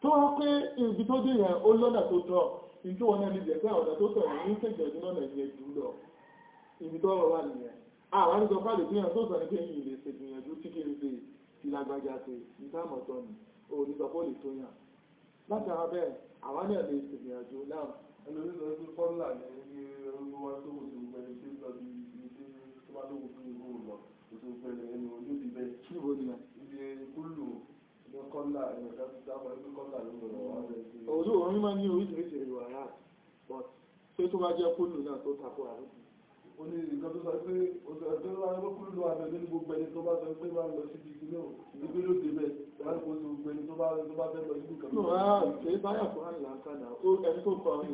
tó wọ́n pé ibi tó dé yẹn ó lọ́nà tó tọ́ in tó wọn náà lè jẹ́ pé àwọn ọ̀nà tó tọ̀ ní ń ṣèjọ́jú lọ́nà yẹn jù lọ ibi tó rọ̀ wà nìyẹn àwọn àríjọ pàdé fíyàn tó sọ ní pé yìí lè ṣègbìyànjú tí kí n ṣe ìlàgbàjà ṣe ní táàmù ọ̀tọ̀ ni ò ní sọ fóòlì tó yàn láti ara bẹ́ẹ̀ àwọn náà lè ṣègbìyànjú náà. ẹni oníṣẹ́ tó fọ́nlà ní ẹgbẹ́ wa tó wù sí gbogbo ẹni tí ó lọ bí ibi tí ó bá lówó fún ìwò lọ kò tó gbẹ ẹni ojú ti bẹ. níbo ni ẹ. ibi kúlù ní kọ́ńlà ẹ̀yọ̀ dáhùn ẹgbẹ́ kọ́ńlà ló lọ wá bẹ́ẹ̀ sí. òun ló ń rí máa ní oríṣiríṣi ìwà rà oní nǹkan tó sọ pé òṣèlú tó wà ló kúrò lọ́wọ́ abẹ́lé ní gbogbo ẹni tó bá sọ pé wọ́n lọ síbi ìpínlẹ̀ òní pé ló débẹ̀ wọ́n kò sí gbogbo ẹni tó bá tó bá fẹ́ lọ síbi ah, kan. nù á ṣe é báyà fún àyè àkàdà ó ẹni tó kọ àwọn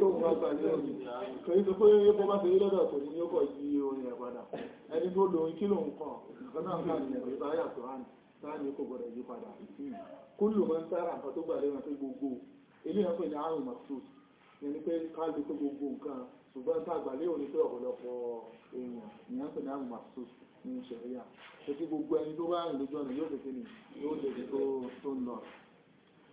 tó ń bá gbàgbé òní kò ní sọ pé bó bá ṣe lọ́dọ̀ tó ní yóò kọ̀ sí orin ẹ̀ padà ẹni tó lo kí ló ń kàn nǹkan náà kàn ní ẹ̀ báyà fún àyè táàní kò gbọdọ̀ yí padà kúlù mọ́ ń sára nǹkan tó gbà lé wọn pé gbogbo eléyàn pè ní àrùn mọ̀sùn ẹni pé ká lè pé gbogbo nǹkan ṣùgbọ́n tá àgbà léwu ni pé ọ̀pọ̀lọpọ̀ èèyàn èèyàn pè ní àrùn màsús ní ìṣẹ̀ríyà pé kí gbogbo ẹni tó bá rìn lójú ọ̀nà yóò tètè ní yóò tètè tó ń lọ.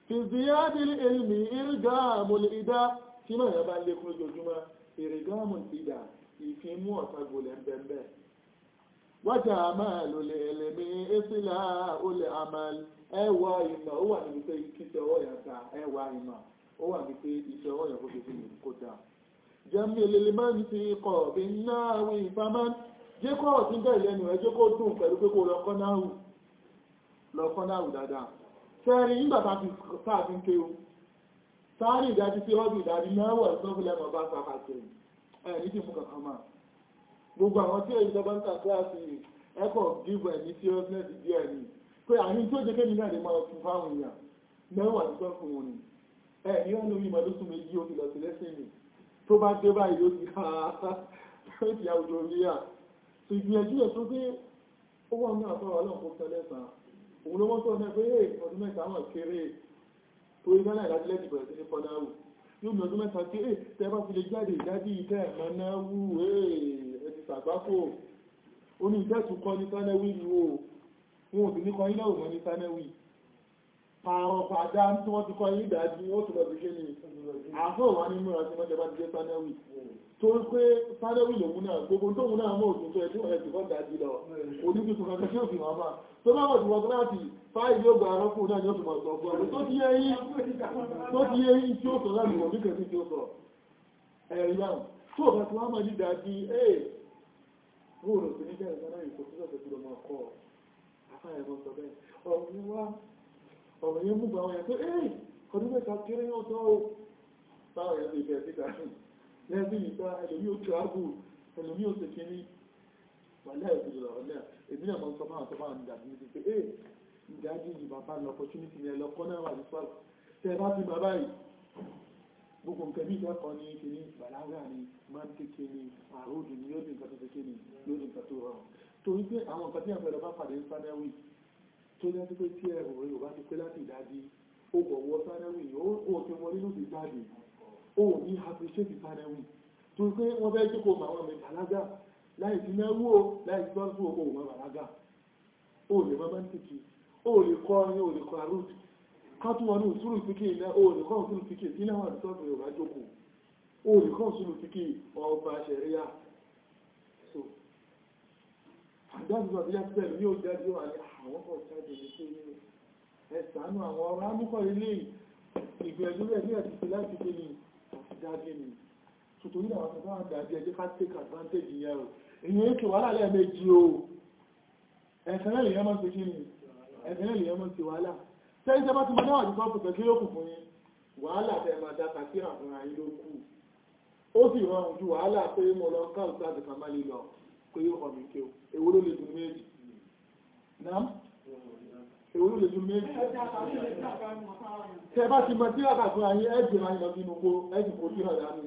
fìzíyàdì ilmi irgáàmù ìdá tí mọ̀ yẹn bá lékún lójoojúmọ́ irgáàmù ìdá ìfín mú ọ̀tá gbolẹ̀ bẹ́ẹ̀ wájà máa lò lè ẹlẹ́mí ẹ́sìlá olè àmàlì ẹwà ìmọ̀ ó wà níbi pé kí jẹ́mí lèlèmán ti kọ̀ bí náàwí ìfàmán jẹ́ kọ́ ọ̀tí bẹ̀rẹ̀ lẹ́nu ẹjọ́ kó dùn pẹ̀lú pé kó lọ́kọ́ náàwù dáadáa tẹ́rí nígbà tàbí ń kéwú sáàrí ìdájí tí ọ́bí ìdájí náàwọ̀ ìsọ́fúnlẹ̀ mọ̀ bá sàkàtìrì ẹ̀ ní ti mú kankan máa gbogbo àwọn tí èyí lọ́bá ń ta kíláàsì ẹ̀kọ́ gígbọ̀ pé àyín tó mẹ́wàá ìsọ́fún wọn ẹ̀ ní ọ̀nà ìmọ̀lósùn méjì ó fi lọ sí lẹ́sìn nìí tó bá dé báyìí ó ti ha ó ti àwùjọ rí à tó ìgbìyànjú ẹ̀ tó pé ó wà ní àtọ́rọ̀ ọlọ́run kó tẹ́lẹ̀ sàn òun ló mọ́tò ọ̀nà pé ọdún mẹ́ta mọ̀ kéré tó iná náà ìdájílẹ̀ ti bẹ̀rẹ̀ sí ní fọdáwù yóò ní ọdún mẹ́ta pé tẹ́ bá fi lè jáde ìdádí ìtẹ́ ẹ̀mọ́ náà wù ẹ̀ ti sàgbákò ó ní ìtẹ́sùn kọ́ ní sánéwì ni ó wọn ò sì ní kọ́ iná òmọ́ ní sánéwì pààrọ̀ pàdá tí wọ́n ti kọ́ yí ìdájí ó tún lọ́dún ṣe ní àfọ́ wà nínú àti mọ́jẹ bá ti jẹ́ sánéwì tó ń pé sánéwì lòun náà gbogbo tó mú náà mọ́ òtún tó ẹ̀tí ọ̀rẹ́ ti kọ́ dájí lọ oníbi tún kankan tí ó fi máa tó bá wọ̀ tìwọ́n láti fáì yóò gba arọ́pù náà ni ó fi mọ̀ sọ fún ọdún tó ti yé yí tí ó sọ láti wọ̀ níkẹ́ sí tí ó sọ ẹ̀yà tó bá ti wá máa ní dájí ẹ̀ eh, wọ́n rò sí ní jẹ́ ìsánáyì lọ máa kọ́ ọ ọ̀rọ̀ yẹn mú bàwọn yẹn pé ẹ́ ọdún mẹ́ta kéré náà tán ó táwọn yẹn lè bẹ̀ẹ́ síta lẹ́bí ìgbà ẹlòmí ó tíráàbù ẹlòmí ó tẹ̀kí ní wàlẹ́ ìgbìyànjú ọ̀lẹ́ èmi náà mọ́ sọ máa tọ́ máa ń dàbí ní ti pé ẹ́ ìdájú yìí bàbá lọ opportunity yẹn lọ gbogbo nǹkan bí ìdákan ní kìíní bàlágà ni máa ń tẹ̀kí ní àròdù ní lóde nǹkan tó tẹ̀kí ní lóde nǹkan tó rọrùn torí pé àwọn nǹkan tí àpẹẹrẹ bá pàdé ń sáná wíì tó ní ẹni pé tí ẹ̀rọ rẹ̀ bá ti pẹ́ láti ìdájí ó bọ̀wọ́ sáréwì ó ti wọlé ló ti jáde ó ní appreciate sáréwì tó pé wọ́n fẹ́ jókòó àwọn ọmọ ìbàlágà láì sí mẹ́wó láì sí tọ́lú fún òun ìbàlágà ó mọ́ mẹ́ntìkì ó kọ́ ní ó kọ́ arúd kátún wọn ní òsúrù ìfikì náà wà kọ́ Àjọ́jọ́ bí ẹgbẹ́ ní òjẹ́ tí wà ní àwọn ọkọ̀ ìṣẹ́jọ ní pé ní ẹ̀sànú àwọn ọ̀rọ̀ amúkọ̀ ilé ìgbẹ̀jú rẹ̀ ní ẹ̀sì ti láti pé ní àtidájé ni. Tòtò ní àwọn ọmọ àgbàjì ẹjẹ́ ká take advantage yẹn o. Èyí ń kí wàhálà lẹ́ẹ̀mejì o. Ẹ̀sẹ̀ náà lèyàn máa ń pe kí ni? Ẹ̀sẹ̀ náà lèyàn máa ń ti wàhálà. Ṣé ìjọba ti mọ náà àdúgbò pẹ̀pẹ̀ kí ló kù fún yín? Wàhálà tẹ̀ máa dá kàkíra fún ara yín ló kù. Ó sì rọrùn ju wàhálà pé mo lọ èwo ló lè dùn méjì náà èwo ló lè dùn méjì tẹ bá ti mọ tí àgbà ayé ẹgbẹ̀ máa yọ nínú kó ẹgbẹ̀ kò rí ọ̀dá ní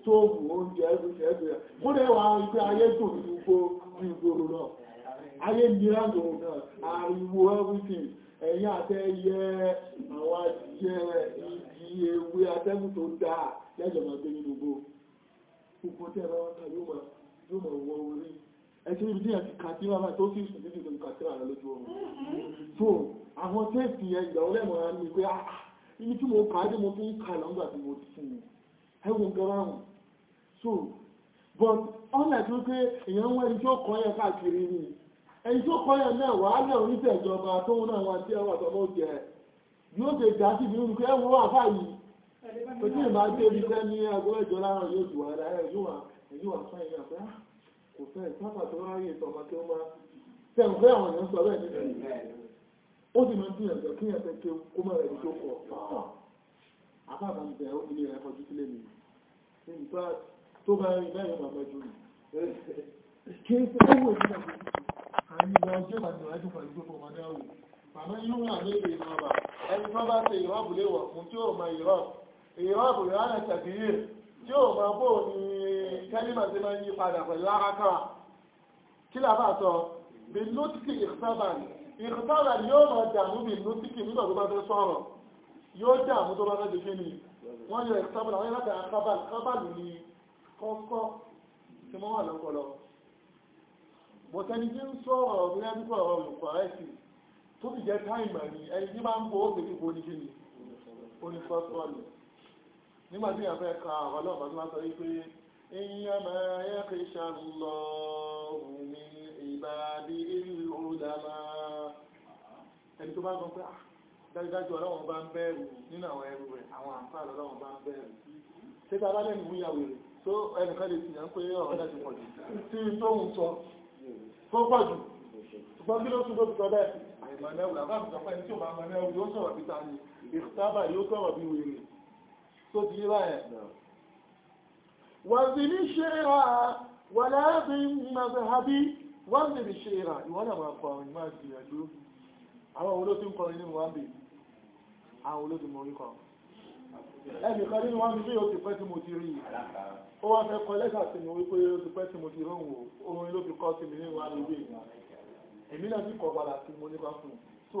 stóòbù oúnjẹ ẹgbẹ̀ ẹgbẹ̀ kó lè wà ayé dùn nínú kó ní ìgboro náà ayé náà ẹ̀yìn àwọn ìdí ewé atẹ́gùn tó lẹ́jọ̀ máa gbé nínú gbogbo tẹ́ẹ̀rọ yóò wọ orí ẹ̀sìn ibi tí ẹ̀ ti kàtíra láti tó sí ìṣẹ̀lẹ̀ ìṣẹ̀lẹ̀ kàtíra rẹ̀ lójú oòrùn mm-hmm. so àwọn tẹ́ẹ̀sì ẹ̀ ìgbà olẹ́mọ̀ ara ní pé àà ah, ah, ibi tí mo kà á dé mo tún kà lọ́gbà tí mo ti fún ẹwùn gọ́rọ̀rùn so but ọ̀nà tí ó pé èèyàn wọ́n ẹni tí ó kọ́ yẹn káàkiri ni ẹni tí ó kọ́ yẹn náà wà á lẹ̀ oníṣẹ́ ìjọba tó ń náà wọn tí ẹ wà tọ́mọ́ jẹ yóò ṣe dá sí ibi olùkọ́ ẹ̀wọ̀n wà báyìí òtí ìbá dé ibi tẹ́ ní agbó ẹ̀jọ́ láàrín yóò jù wá láyé yóò wà fún ẹ̀yìn àpẹ́ kò fẹ́ ìsáfà tó ráyè tọmọ tí ó máa tẹ̀wọ̀n fẹ́ àwọn èèyàn sọ bẹ́ẹ̀ nínú ó sì máa ń gbìyànjọ kí èèyàn fẹ́ ké kó mọ̀ rẹ̀ tó kọ̀ ah! àbábà ń bẹ̀ ilé rẹ̀ kọjú sílé mi nígbà tó bá rí bẹ́ẹ̀ yóò máa jù kí ó sì kówó ìdílé mi àyè ìgbà ọjọ́ ìgbà ìgbà ìgbà ìgbà ìgbà ìgbà Bàbá yóò rà nílé ìrọ̀bà, ẹni tó bá ṣe ìrọ̀bù léwọ̀ fún tí ó máa ìrọ̀bù, ìrọ̀bù rẹ̀ á nà tàbí yìí, tí ó máa bóò ní kálímà tí máa ń yí padà pẹ̀lú lákàkàrà kí làbá sọ bí lótìkì ìrìsábà ní ìrìsábà ní yóò máa dààmú bí lótìkì nígbà tó bá fẹ́ sọ̀rọ̀ yóò dààmú tó bá fẹ́ di kíni wọ́n yọ ìrìsábà wọ́n yọ láti àkábà kábàlù ní kọ́kọ́ tí wọ́n wà lọ́pọlọ bọ̀tẹ́ni tí ń ìyàfẹ́ ka ọ̀rọ̀ tó wá sọ wípé إنما يخشى الله من عباده العلماء ẹni tó ah, dájúdájú ọlọ́wọ́n bá ń bẹ̀rù nínú àwọn ẹrù rẹ̀ àwọn àǹfààní ọlọ́wọ́n bá ń bẹ̀rù tí tàbá lẹ́nu ìwúyàwó rẹ̀ tó ẹnìkan lè tìyàn pé ọ̀rọ̀ tí tó ń sọ tó wazini ṣẹ́ra wà láàrin mazhabi wazini ṣẹ́ra ìwọ́n àwọn akọrin máa gbìyànjú àwọn olóòtú kọrin nínú wọ́n bè àwọn olóòtú mọ̀ oríkọ ẹnìkan nínú wọ́n bí yóò ti pẹ́ tí mo ti rí ó wá fẹ́ kọ lẹ́sà sí mi wípé yóò ti pẹ́ tí mo ti rọrùn orin ló fi kọ́ sí mi nínú wọ́n bè èmi náà sì kọ̀ padà sí mo nípa fún so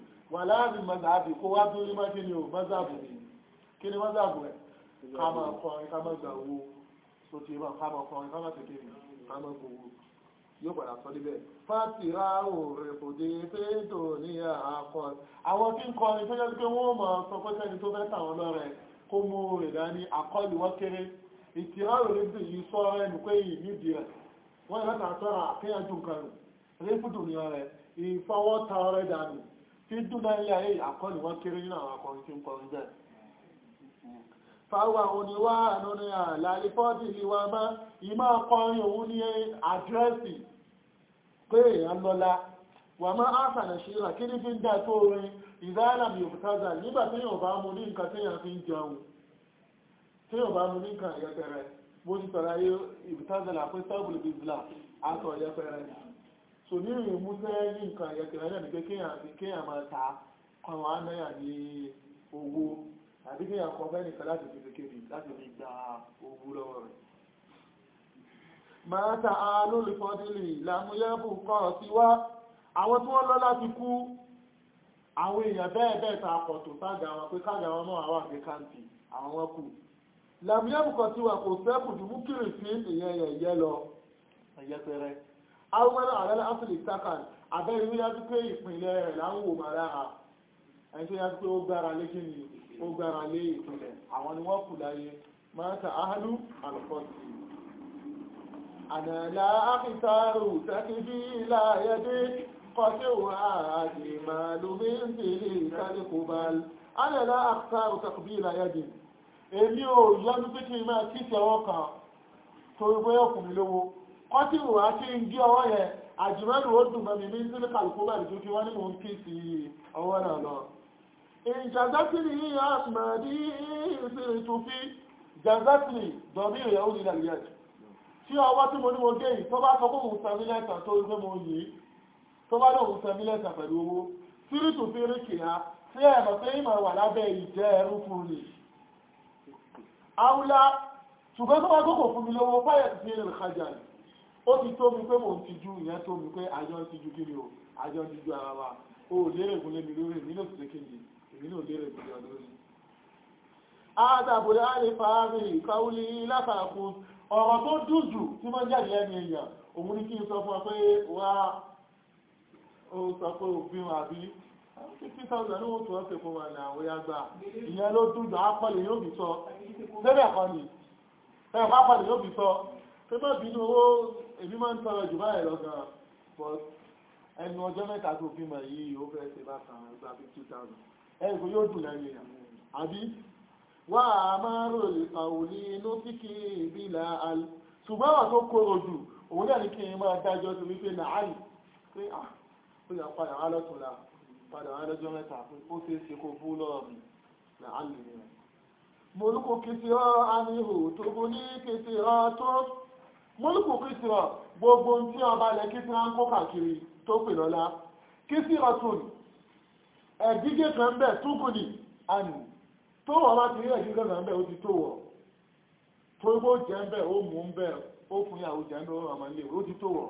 wà láàrin mọ́sàábì kó wá dúró má kí ni o mọ́sàábì ni kí ni mọ́sàábì rẹ̀ ká máa kọrin ká máa gbà owó tó ti máa ká máa kọrin ká máa tètè mi ká máa gbowó yóò padà sọ níbẹ̀ fásitìrá ò rẹ̀ kò dé fẹ́ẹ́tò ní àkọrin àwọn tí ń kọrin tó jẹ́ wọ́n mọ̀ sọ pé sẹ́ni tó fẹ́ tàwọn lọ́rẹ̀ kó mú rẹ̀ dání àkọlù wọ́n kéré ìtìrá rẹ̀ bì yìí sọ ẹnu pé yìí nídìí rẹ̀ wọ́n yẹ láti àtọ́ra àkéyànjú nǹkan rẹ̀ rẹ̀ ìfọwọ́ta ọrẹ̀ dànù tí dúdá ilé ayé àkọ́ni wọ́n kéré nínú àwọn akọrin tí ń kọrin jẹ́ fáwọn oníwà ànúni àlàlífọ́dì ìwà máa ìmá akọrin òun ní àdírẹ́sì pé èèyàn lọ́lá wà máa áfànà ṣíra kí ní fi ń dá tó orin ìzáàlàmì òkútázà nígbà tí yóò bá mú ní nǹkan tí yàn fi ń jẹun tí yóò bá mú ní nǹkan ìyẹpẹrẹ mo ti sọ̀rọ̀ ayé ìbùtázà làpẹ́ sọ́ọ̀bù ìbìzìlà àtọ̀ ìyẹpẹrẹ so ní ìrìn músẹ́ ní nǹkan ẹ̀yẹ̀kẹ̀rẹ̀ náà ní pé kéèyàn àti kéèyàn máa ta ọrọ̀ anáyà ní owó àbí kéèyàn kọ fẹ́nìkan láti fi kékeré láti fi gba owó lọ́wọ́ rẹ̀ máa ta alólùfọ́dílì lámúyẹ́bù kọ́rọ̀ sí wá àwọn tí wọ́n lọ láti kú àwọn èèyàn bẹ́ẹ̀ bẹ́ẹ̀ ta akọ̀tò sága wọn pé kága wọn náà àwọn àgbékáǹtì àwọn wọn kù lámúyẹ́bù kọ́ sí wà kò sẹ́kù ju múkìrì sí ìyẹn ẹ̀yẹ lọ ẹ̀yẹpẹrẹ awọ́mọ́lá àrẹ́lá áfìlì sákàn abẹ́rẹ́ wíyá tó pé ìpínlẹ̀ rẹ̀ láwọn wò máa lára ẹni tó yá tó pé ó gbára lé kíni ó gbára lé ìpínlẹ̀ àwọn ni wọ́n kù láyé máa ta áhálú àlùfọ́sì àdàlá áfìsàrù sẹ́kìbí láyẹ́dé kọ́síwò ààrẹ màálùmí ń tèrè ìtàlẹ́kùbal àdàlá áfìsàrù sẹ́kìbí láyẹ́dé èmi ò yá tó pé kí n máa kíkẹ́ ọkàn kọ́tìmù wá sí ń gé ọwọ́ yẹn àjùmọ́nù ó dùn mọ́mi ní sílẹ̀ kàlùkù bá ìdókè wọ́n ní mò ń kí sí ọwọ́ náà lọ. ìjàzátìrì yíyá àmàdí ìsìrì tó fi jàzátìrì dọ̀bí ìyàwó ní nàìjíríà tí ọwọ́ tí mo ní mo gé yìí tó bá sọ pé òun sẹ́mi lẹ́sàn tó ń gbé mo yìí tó bá lóun sẹ́mi lẹ́sàn ṣùgbọ́n tó bá kókò fún mi lówó fáyẹ̀ sí ilẹ̀ ìkájà yìí ó ti tó mi pé mò ń tijú ìyẹn tó mi pé àjọ ń tijú kí ni o àjọ ń tijú ara wa o ò lérè ìgúnlẹ̀ mi lórí èmi náà ti kéde èmi náà lérè ìgúnlẹ̀ lórí. àdàbòdà lè fa mi ìkáwúlé látàkùn ọ̀rọ̀ tó dùn jù tí wọ́n jáde lẹ́nu èèyàn òun ní kí n sọ fún ọ pé wá o sọ pé òfin àbí fifty thousand ní wọ́n tún ọ́ fèkó wà ní àwọn yàgbà ìyẹn ló dùn jù ápọ̀lẹ̀ yóò fi sọ lébẹ̀ kan ni ẹ̀fọ́ ápọ̀lẹ̀ yóò fi èmi máa ń tọrọ jù báyìí lọ gan but ẹnu ọjọ́ mẹ́ta tó fi mọ̀ yìí ó fẹ́ ṣe bá kan gba fifty thousand ẹ̀rù kò yóò dùn lẹ́nu yẹn àbí wà á máa rò ìkàwòlì inú kíkì ìbílà àlù ṣùgbọ́n àwọn tó kóró jù òun náà ní kí n máa dájọ́ tó wípé nà áàlì pé à ah, ó yà padà wá lọ́tún la padà wá lọ́jọ́ mẹ́ta pé ó ṣe é ṣe kó bú lọ́rọ̀ mi nà nìyẹn. mo lóko kìsì rọ́ àmì hù tó bú ní kìsì rọ́ tó múlùkù kìsìrọ̀ gbogbo tí ọba ilẹ̀ kìsìrọ̀ ń kó kàkiri tó pè lọ́lá kìsìrọ̀ tún ẹ̀dígé kan bẹ̀ túnkùnì àmì tó wọ̀ bá ti rí ẹ̀dígé kan bẹ̀ ó ti tó wọ̀ tó gbó jẹ́ ń bẹ̀ ó mú ń bẹ̀ ó fún ìyàwó jẹ́ ń ó rọ̀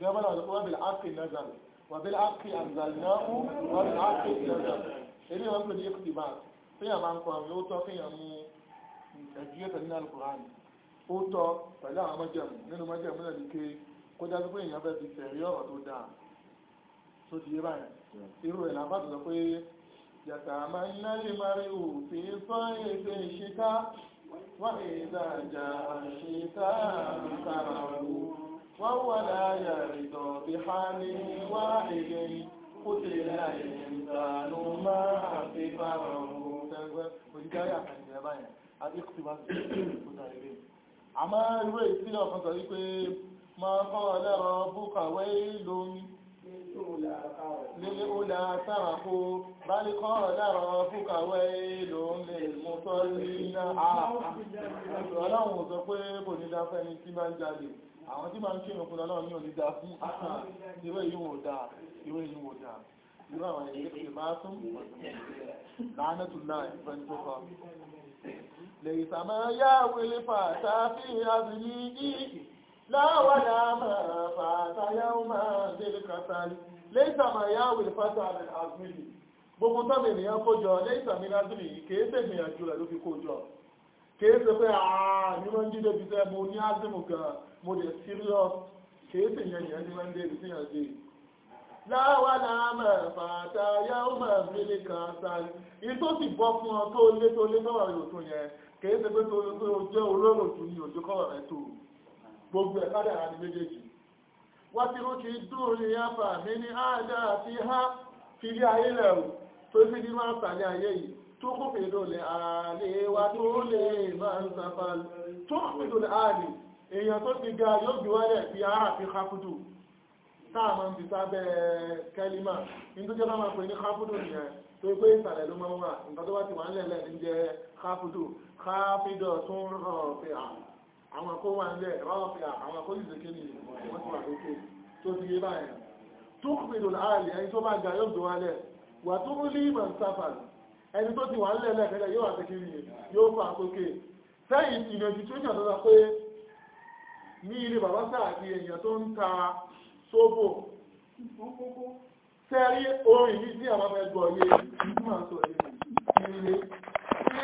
jẹ́bọ́lá wàbílá ákì nazar wàbílá ákì àzàlìnáhù wàbílá ákì nazar èyí wọ́n pè ní ìkùtì máa fíyàn máa ń kọ́ àwọn òótọ́ fíyàn mú ẹ̀díyẹ́ pẹ̀lú alukurani òótọ́ pẹ̀lú àwọn mọ́jẹ̀mú nínú mọ́jẹ̀mú náà ní ké kó dájú pé èèyàn fẹ́ fi tẹ̀rí ọ̀rọ̀ tó dáa tó ti yé báyìí irú ẹ̀ làbá tó sọ pé yàtà máa ń nálé mari òfin sọ èdè ìṣíká wọ́n èdè àjà àṣìṣá àrùn وولا يرضى بحال واحد قتل الإنسان ما أكفره Òjíkáyà kan ìjẹ́ báyìí, àti ìkùtùbá sí ìkùtà ìrìn. Àmá ìwé ìpínlẹ̀ ọ̀kan sọ wípé, máa kọ́ ọlẹ́rọ búkàwé lómi, lílé ó là sára kó bá lè kọ́ ọ̀dára fúkàwẹ́ ìlò ń lè mú tọ́ lílá ọlọ́run sọ pé kò ní dáfẹ́ ní tí bá ń jalè àwọn tí bá ń kírun fún ọlọ́run ní òní dá fún àtà ìwé yìí wò dáa ìwé yìí wò dáa irú àwọn èyí ti máa tún lánà tún náà ìfẹ́ni tó kọ lè ìsàmọ́ yáwé fàtà sí àbìlí yìí لا ولا ما فات يوما ذي القتل ليس ما ياوي الفتى من عزمه gbogbo tọ́mì ènìyàn kó jọ lẹ́yìn àmì lásìlì kìí ṣe ìgbìyànjú rẹ̀ ló fi kó jọ kìí ṣe pé àà ní wọ́n jí débi tẹ́ mo ní ásìmù gan mo dẹ̀ serious kìí ṣe ìyẹn ìyẹn ní wọ́n débi tíyàn dé láwa náà mẹ́fà táyà ó mẹ́fìlì kan sáré ìtó sì bọ́ fún ọ tó lé tó lé náà yòó gbogbo ẹ̀kádà àti méjèèjì wá tí ó ti dùn ní àfà mi ní àádá àti ha fi rí ayé lẹ̀rù tó fi ní máa sàlẹ̀ ayé yìí tó kò fi dòlẹ̀ ààlè wa tó lè máa ń sàfà tó kò fi dòlẹ̀ ààlè èèyàn tó ti ga yóò gbé wálẹ̀ fi ara fi kákúdù táà máa ń fi sábẹ́ kẹ́límà ní tó jẹ́ bá ní kákúdù nìyẹn tó pé ìsàlẹ̀ ló máa wà nǹkan tó bá ti wà ń lẹ̀lẹ̀ ní jẹ́ kákúdù káfídọ̀ tún rọ̀ fi hàn àwọn akó wà nílẹ̀ ìwọ́n fi àwọn akó yìí zèké ní wọ́n ti wà lókè tó ti yé báyìí tó kù ìlò láàrin ẹni tó bá ga yóò gbé wálẹ̀ wà tó mú lé ìmọ̀ sáfà ẹni tó ti wà nílẹ̀ lẹ́kẹ̀lẹ̀ yóò wà zèké ní yóò fà sókè sẹ́yìn ìrìnàjì tó yàn lọ́la pé ní ilé bàbá sáàbí èèyàn tó ń ta sóbò sẹ́rí orin yìí tí àwọn ọmọ yé ìgbìmọ̀ sọ ilé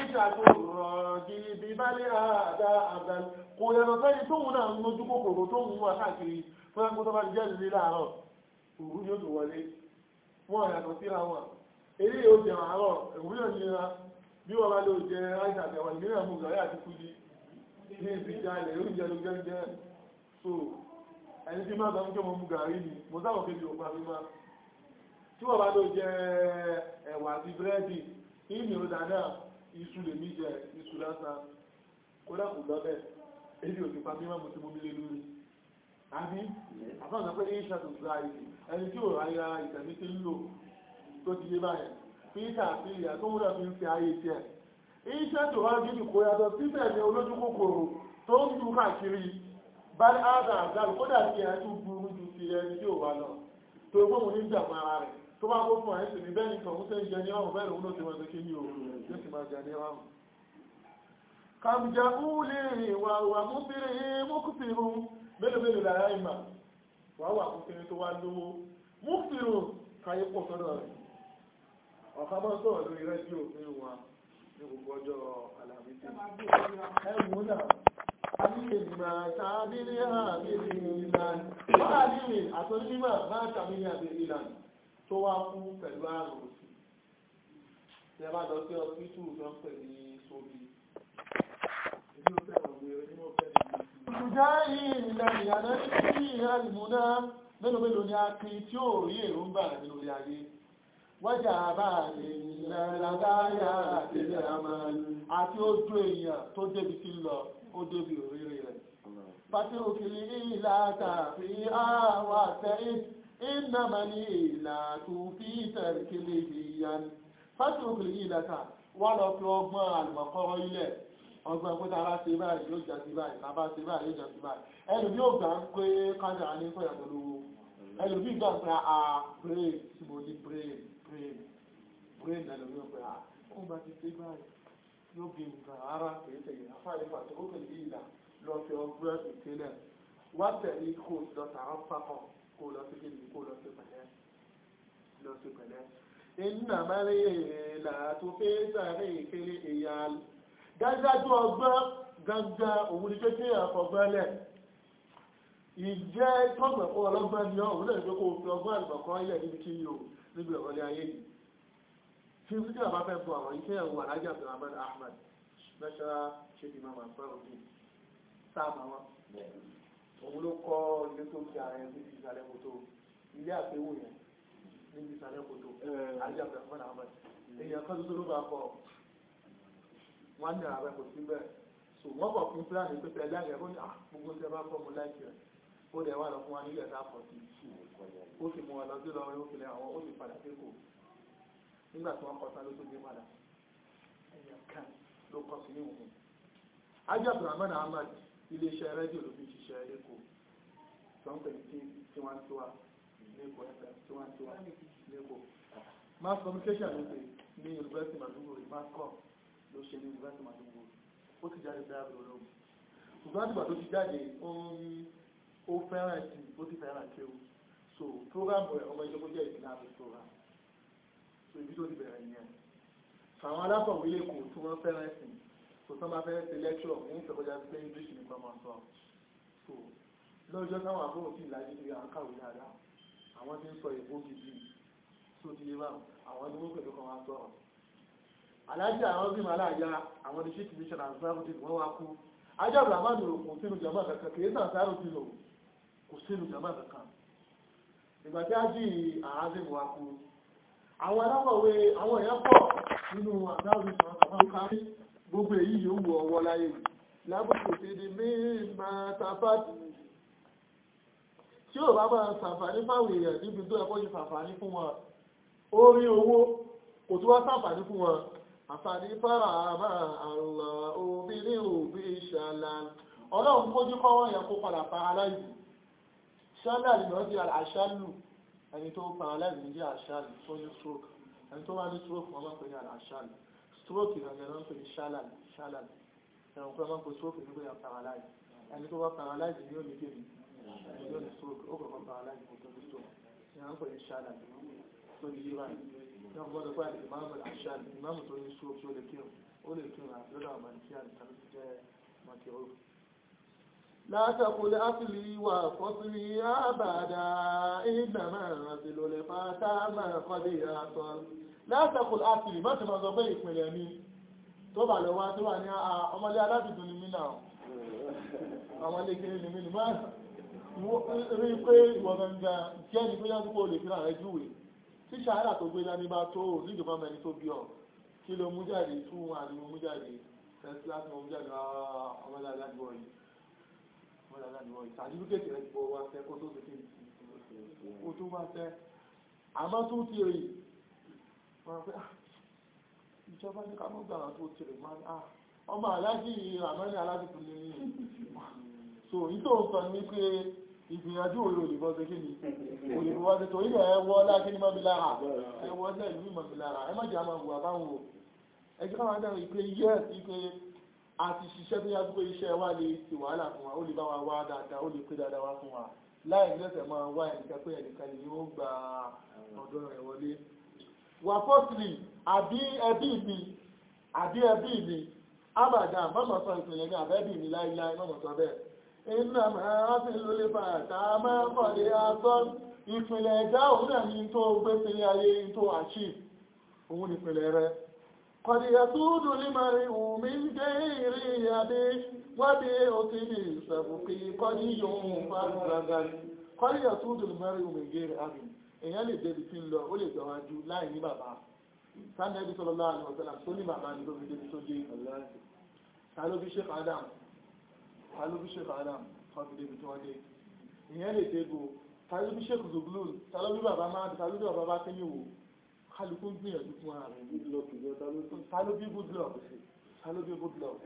ìjà tó rọ̀ gidi bá lé àdá àgbà kò yẹ̀rọ fẹ́ni tóun náà ń lójú kòkòrò tóun wà káàkiri fún ẹgbẹ́ tó bá jẹ́ ìlú láàárọ̀ òru yóò tó wọlé wọ́n yàtọ̀ síra wọn eré yóò jẹ àárọ̀ òru yóò nira bí wọ́n bá lè jẹ àìsàn àtẹ̀wà ló jẹ ẹ̀wà àti búrẹ́dì ní ìmìíràn dáadáa iṣu lè mí jẹ iṣu lásán kó dákù lọ́bẹ̀ èdè òsì pa mímọ́ mo ti mú mi lé lórí àbí àfáàná pé ní ìṣàtò ìgbàáyì ẹni tí ò ráyà ìtẹ̀mí tí ń lò tó ti yé báyẹn píta àti ìyà tó múlẹ̀ fi ń fi ayé tiẹ̀ ìṣàtò wá gidi kò yàtọ̀ síbẹ̀ ní olójú kòkòrò tó ń du káàkiri bá ní áàdà àgbàlù kódà sí ẹni tó burú ju ti tí ò tó bá kó fún àyẹ́sì ní bẹ́ẹ̀ nìkan ó tẹ́ jẹ ní ọmọ bẹ́ẹ̀ lóun ló ti wọ́n tẹ́kí ní òun yóò sì máa jẹ ní ọmọ kàbìjà ó lè rìn wà wà mú bèrè mọ́kùfìrún mélòó mélòó lára ìmà wà wà fún kiri tó wá lówó mọ́kùfìrún káyé pọ̀ sọ́dọ̀ rẹ̀ ọ̀ká bá sọ̀rọ̀ lórí rẹ́díò ní wa ní gbogbo ọjọ́ alamisi ẹ̀wù náà Àbílè ìgbà tàbí ní àbílè ìlànà. Wọ́n àbílè àtọ́jú mímọ̀ máa tàbí ní àbílè ìlànà tó wá kú pẹ̀lú àrùn òsì tí a bá lọ sí ọsibítù tó ń ní sobi èyí ó fẹ́ ọ̀gbìn onímọ̀ fẹ́ ní ìjá yìí nílẹ̀ ìyànà sí ìhà ni a kí tí ó rí èròǹgbà nínú ilé ayé wájà bá ènìyàn lágbáyà àtẹlẹ àmàlù àti ojú èèyàn tó débi tí ń lọ ó débi òréré rẹ̀ pàtó kìlì ìlà tàbí àwọn àtẹ́yìn إنما الهيلة في ترك الهيان فاترك الهيلة ولا تلوما المقر ilẹ̀ ọgbọ́n pé tara ṣe báyìí yóò jà sí báyìí tàbá ṣe báyìí yóò jà sí báyìí ẹlòmí ò gbà ń pé kájà ní fẹ́ ìpolówó ẹlòmí gbà ń pé a ah, pray tí mo ní pray pray pray ní ẹlòmí ò pé a ah, kó bá ti ṣe báyìí yóò gbé nǹkan ara kìí tẹ̀yìn afáàlì pàtó ó kèlè ìlà lọ́ọ́ fi ọgbọ́n ìpínlẹ̀ wá tẹ̀lé kó lọ́tà rọ́pàpọ̀ kó lọ sí kéde kó lọ sí pẹ̀lẹ́ lọ sí pẹ̀lẹ́ iná mẹ́rin làtò fẹ́ sàárè ìkéré èyà dájájú ọgbọ́n gangan òun ni kékeré àfọgbọ́nlẹ̀ ìjẹ́ tọ́gbọ̀n fún ọlọ́gbọ́n ni ọ̀hún lẹ́yìn pé kó fi ọgbọ́n àlùbọ̀kọ́ ilẹ̀ níbi kí yóò níbi ọ̀rọ̀ ayé yìí tí ní òun ló kọ́ ilé tó fi ààrẹ níbi ìsàlẹ̀ kòtò ilé àpéwò yẹn níbi ìsàlẹ̀ kòtò àti àbẹ̀fọ́n náà mọ̀ èèyàn kan tó ló bá kọ́ wọ́n á ní ààrẹ kò sí bẹ́ẹ̀ so wọ́n bọ̀ fún fúlàní pé pẹ̀lú àgbẹ̀ bó ní àgbogbo ah, tẹ bá kọ́ mu láìpẹ́ rẹ̀ ó dẹ̀ wà lọ fún wa ní ilẹ̀ sáà pọ̀sí ó sì mú wa lọ sí lọ rí òkèlè àwọn ó sì padà sí kò nígbà tí wọ́n kọta ló tó dé padà ẹ̀yà kan ló kọ́ sí ní òun. ajá abdulrahman ahmad iléeṣẹ́ rédíò ló fi ṣiṣẹ́ lẹ́kọ̀ọ́ sọ́ńpẹ̀lú tí wọ́n tó wà lẹ́kọ̀ọ́ ẹ̀fẹ́ tí wọ́n tó wà lẹ́kọ̀ọ́ mass communication ló pè ní university Maiduguri mass com ló ṣe ní university Maiduguri ó ti jáde dáàbò olóògùn ṣùgbọ́n àtìgbà tó ti jáde ó fẹ́ràn sí ó ti fẹ́ràn kéwù so program rẹ̀ ọmọ ìjọba jẹ́ ìdíláàbò program so ibi tó ti bẹ̀rẹ̀ yẹn àwọn alákọ̀wé lẹ́kọ̀ọ́ tí wọ́n fẹ́ràn sí tán bá fẹ́ ṣe lẹ́kṣọ̀ ní ìṣọ̀kọjá sí pé english nìkan máa sọ so lọ́jọ́ táwọn àbúrò sí ìlàjì ní àkàwé dáadáa àwọn tí ń sọ èbó gidi tó ti lè báwọn àwọn ni wọ́n pẹ̀lú kan wá sọ̀rọ̀ alájà àwọn bí màá láàyà àwọn ní sheik mission and services wọ́n wá kú ajá abdulhamid rò kò sínú jama kankan kì í sàn sáré ti lò kò sínú jama kankan ìgbà tí a jí àhazim wá kú àwọn aláwọ̀wé àwọn èèyàn pọ̀ nínú àdáwì kan àbáwí gbogbo èyí yóò wọ ọwọ́ láyé lábùkù ti di mímọ tàbátì tí ò bá máa ṣàǹfààní fáwọn èèyàn níbi tó ẹ̀kọ́ yìí ṣàǹfààní fún wọn ó rí owó kò tó wá ṣàǹfààní fún wọn àǹfààní fara àmà àlọ́ òbí ní òbí ìṣàlà ọlọ́run mójú kọ́ wọ́n yẹn kó padà pa aláìsí ṣálà ìlọ́ di àṣálù ẹni tó pa stroke ẹni tó stroke wọn máa pè stroke na náà ń pè ní ṣálàbì ṣálàbì ẹ̀rọ pé ọmọ kò stroke ìlú pé paralyze ẹni tó bá paralyze ní òní kébì ẹni tó ní stroke ó kọ̀ọ̀kan paralyze kò tó ní stroke ìrànlẹ́ ń pè ní ṣálàbì tó ní yíra náà gbọ́dọ̀ pé àti ìmáàmù àṣálì ìmáàmù tó ní stroke tó lè kírun ó lè kírun àti lọ́dọ̀ àmàlìkí àti tàbí jẹ́ màkì orúkọ látàkùn láfìlì wà fọ́sílì àbàdà ìgbàmà àfìlò lè fa táàmà kọ́dé àtọ́ látàkùn láfìlì má ti máa sọ pé ìpìlẹ̀ mi tó bà lọ wá tó wà ní ah, ọmọlé alábìdù ni mí náà ọmọlé kéré ni mí ni máa rí pé ìwọ gangan jẹ́ ni pé yàtúkọ̀ olè fi ràn ẹjú wèé tí sàárà tó gbé sàdúrógẹ́tì rẹ̀ gbọ́ wá fẹ́ kó tó fi kí o tó wá fẹ́ àmọ́ tó ti rí wọ́n pẹ́ ah, ìjọba ní ká mọ́ gbà wọn tó ti rí máa ní ah, ọmọ aláàjì àmọ́ ní aláàjì tó ní so ìtò sọ ní pé ìgbìyànjú òye òyìnbọn ṣe kí ni òyìnbọn wá ṣe torí ẹwọ́ láti ní mọ́bí lára ẹwọ́ lẹ́yìn mọ́bí lára ẹ o ẹjọ́ àwọn adáwọ̀ ìpè yẹ́ ìpè àti ṣiṣẹ́ tó yàgbé iṣẹ́ wa lè ti wàhálà fún wa ó lè bá wa wá dáadáa ó lè pé dáadáa wá fún wa láì lẹ́sẹ̀ máa wá ẹnìkan pé ẹnìkan ni yóò gba ọ̀dọ́ rẹ̀ wọlé. wà fọ́sìlì àbí ẹbí mi àbí ẹbí mi ábàdà mọ́mọ́ sọ ìpìlẹ̀ ní àbẹ́bí mi láíláí mọ́mọ́ sọ bẹ́ẹ̀. iná máa fi lórí bàtà máa ń kọ̀ lé ìpìlẹ̀ ẹ̀dá òun náà ní tó gbé sílé ayé tó àṣì òun ìpìlẹ̀ rẹ̀. قد يسود لمرء من غير يده وبعتب سبقي قد ينفذ قد يسود لمرء من غير يده èèyàn lè débi tí ń lọ ó lè gbọ́nwájú láì ní bàbá sáàdì ẹbí sallallahu alaihi wasallam tó ní bàbá ní lóbi débi tó dé tàlóbi Sheikh Adam tàlóbi Sheikh Adam kọfí débi tó wọ́n dé èèyàn lè débò tàlóbi Sheikh Zublul tàlóbi bàbá máa tàlóbi bàbá bá tẹ́yìn wò kálukú gbìyànjú fún ara rẹ̀ sálóbí goodluck sálóbí goodluck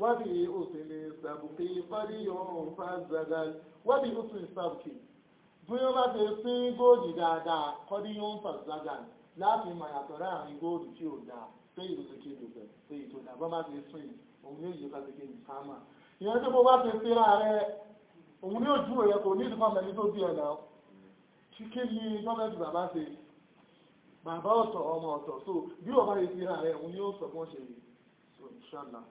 wábí òsìnlè sàbùkì fárí ọ̀hún fàzàgà wábí òsìn sàbùkì bí wọ́n bá ti pín góòlù dáadáa kọ́dí yóò ń fàzàgà láti mọ̀ yàtọ̀ láàrin góòlù tí ò dáa pé ìlú ti kéde ọ̀fẹ́ pé ìtòdà bọ́n bá ti sìn òun yóò yí ká ti kéde sáàmà ìyẹn tó bó bá ti pín ààrẹ òun yóò jú òyẹ kò ní ìdúkọ́ mẹ́rin tó bí ọ̀nà bàbá ọ̀tọ̀ ọmọ ọ̀tọ̀ so bí ọba yìí fi hàn rẹ̀ òun yóò sọ fún ọ̀ṣẹ̀ yìí so inshallah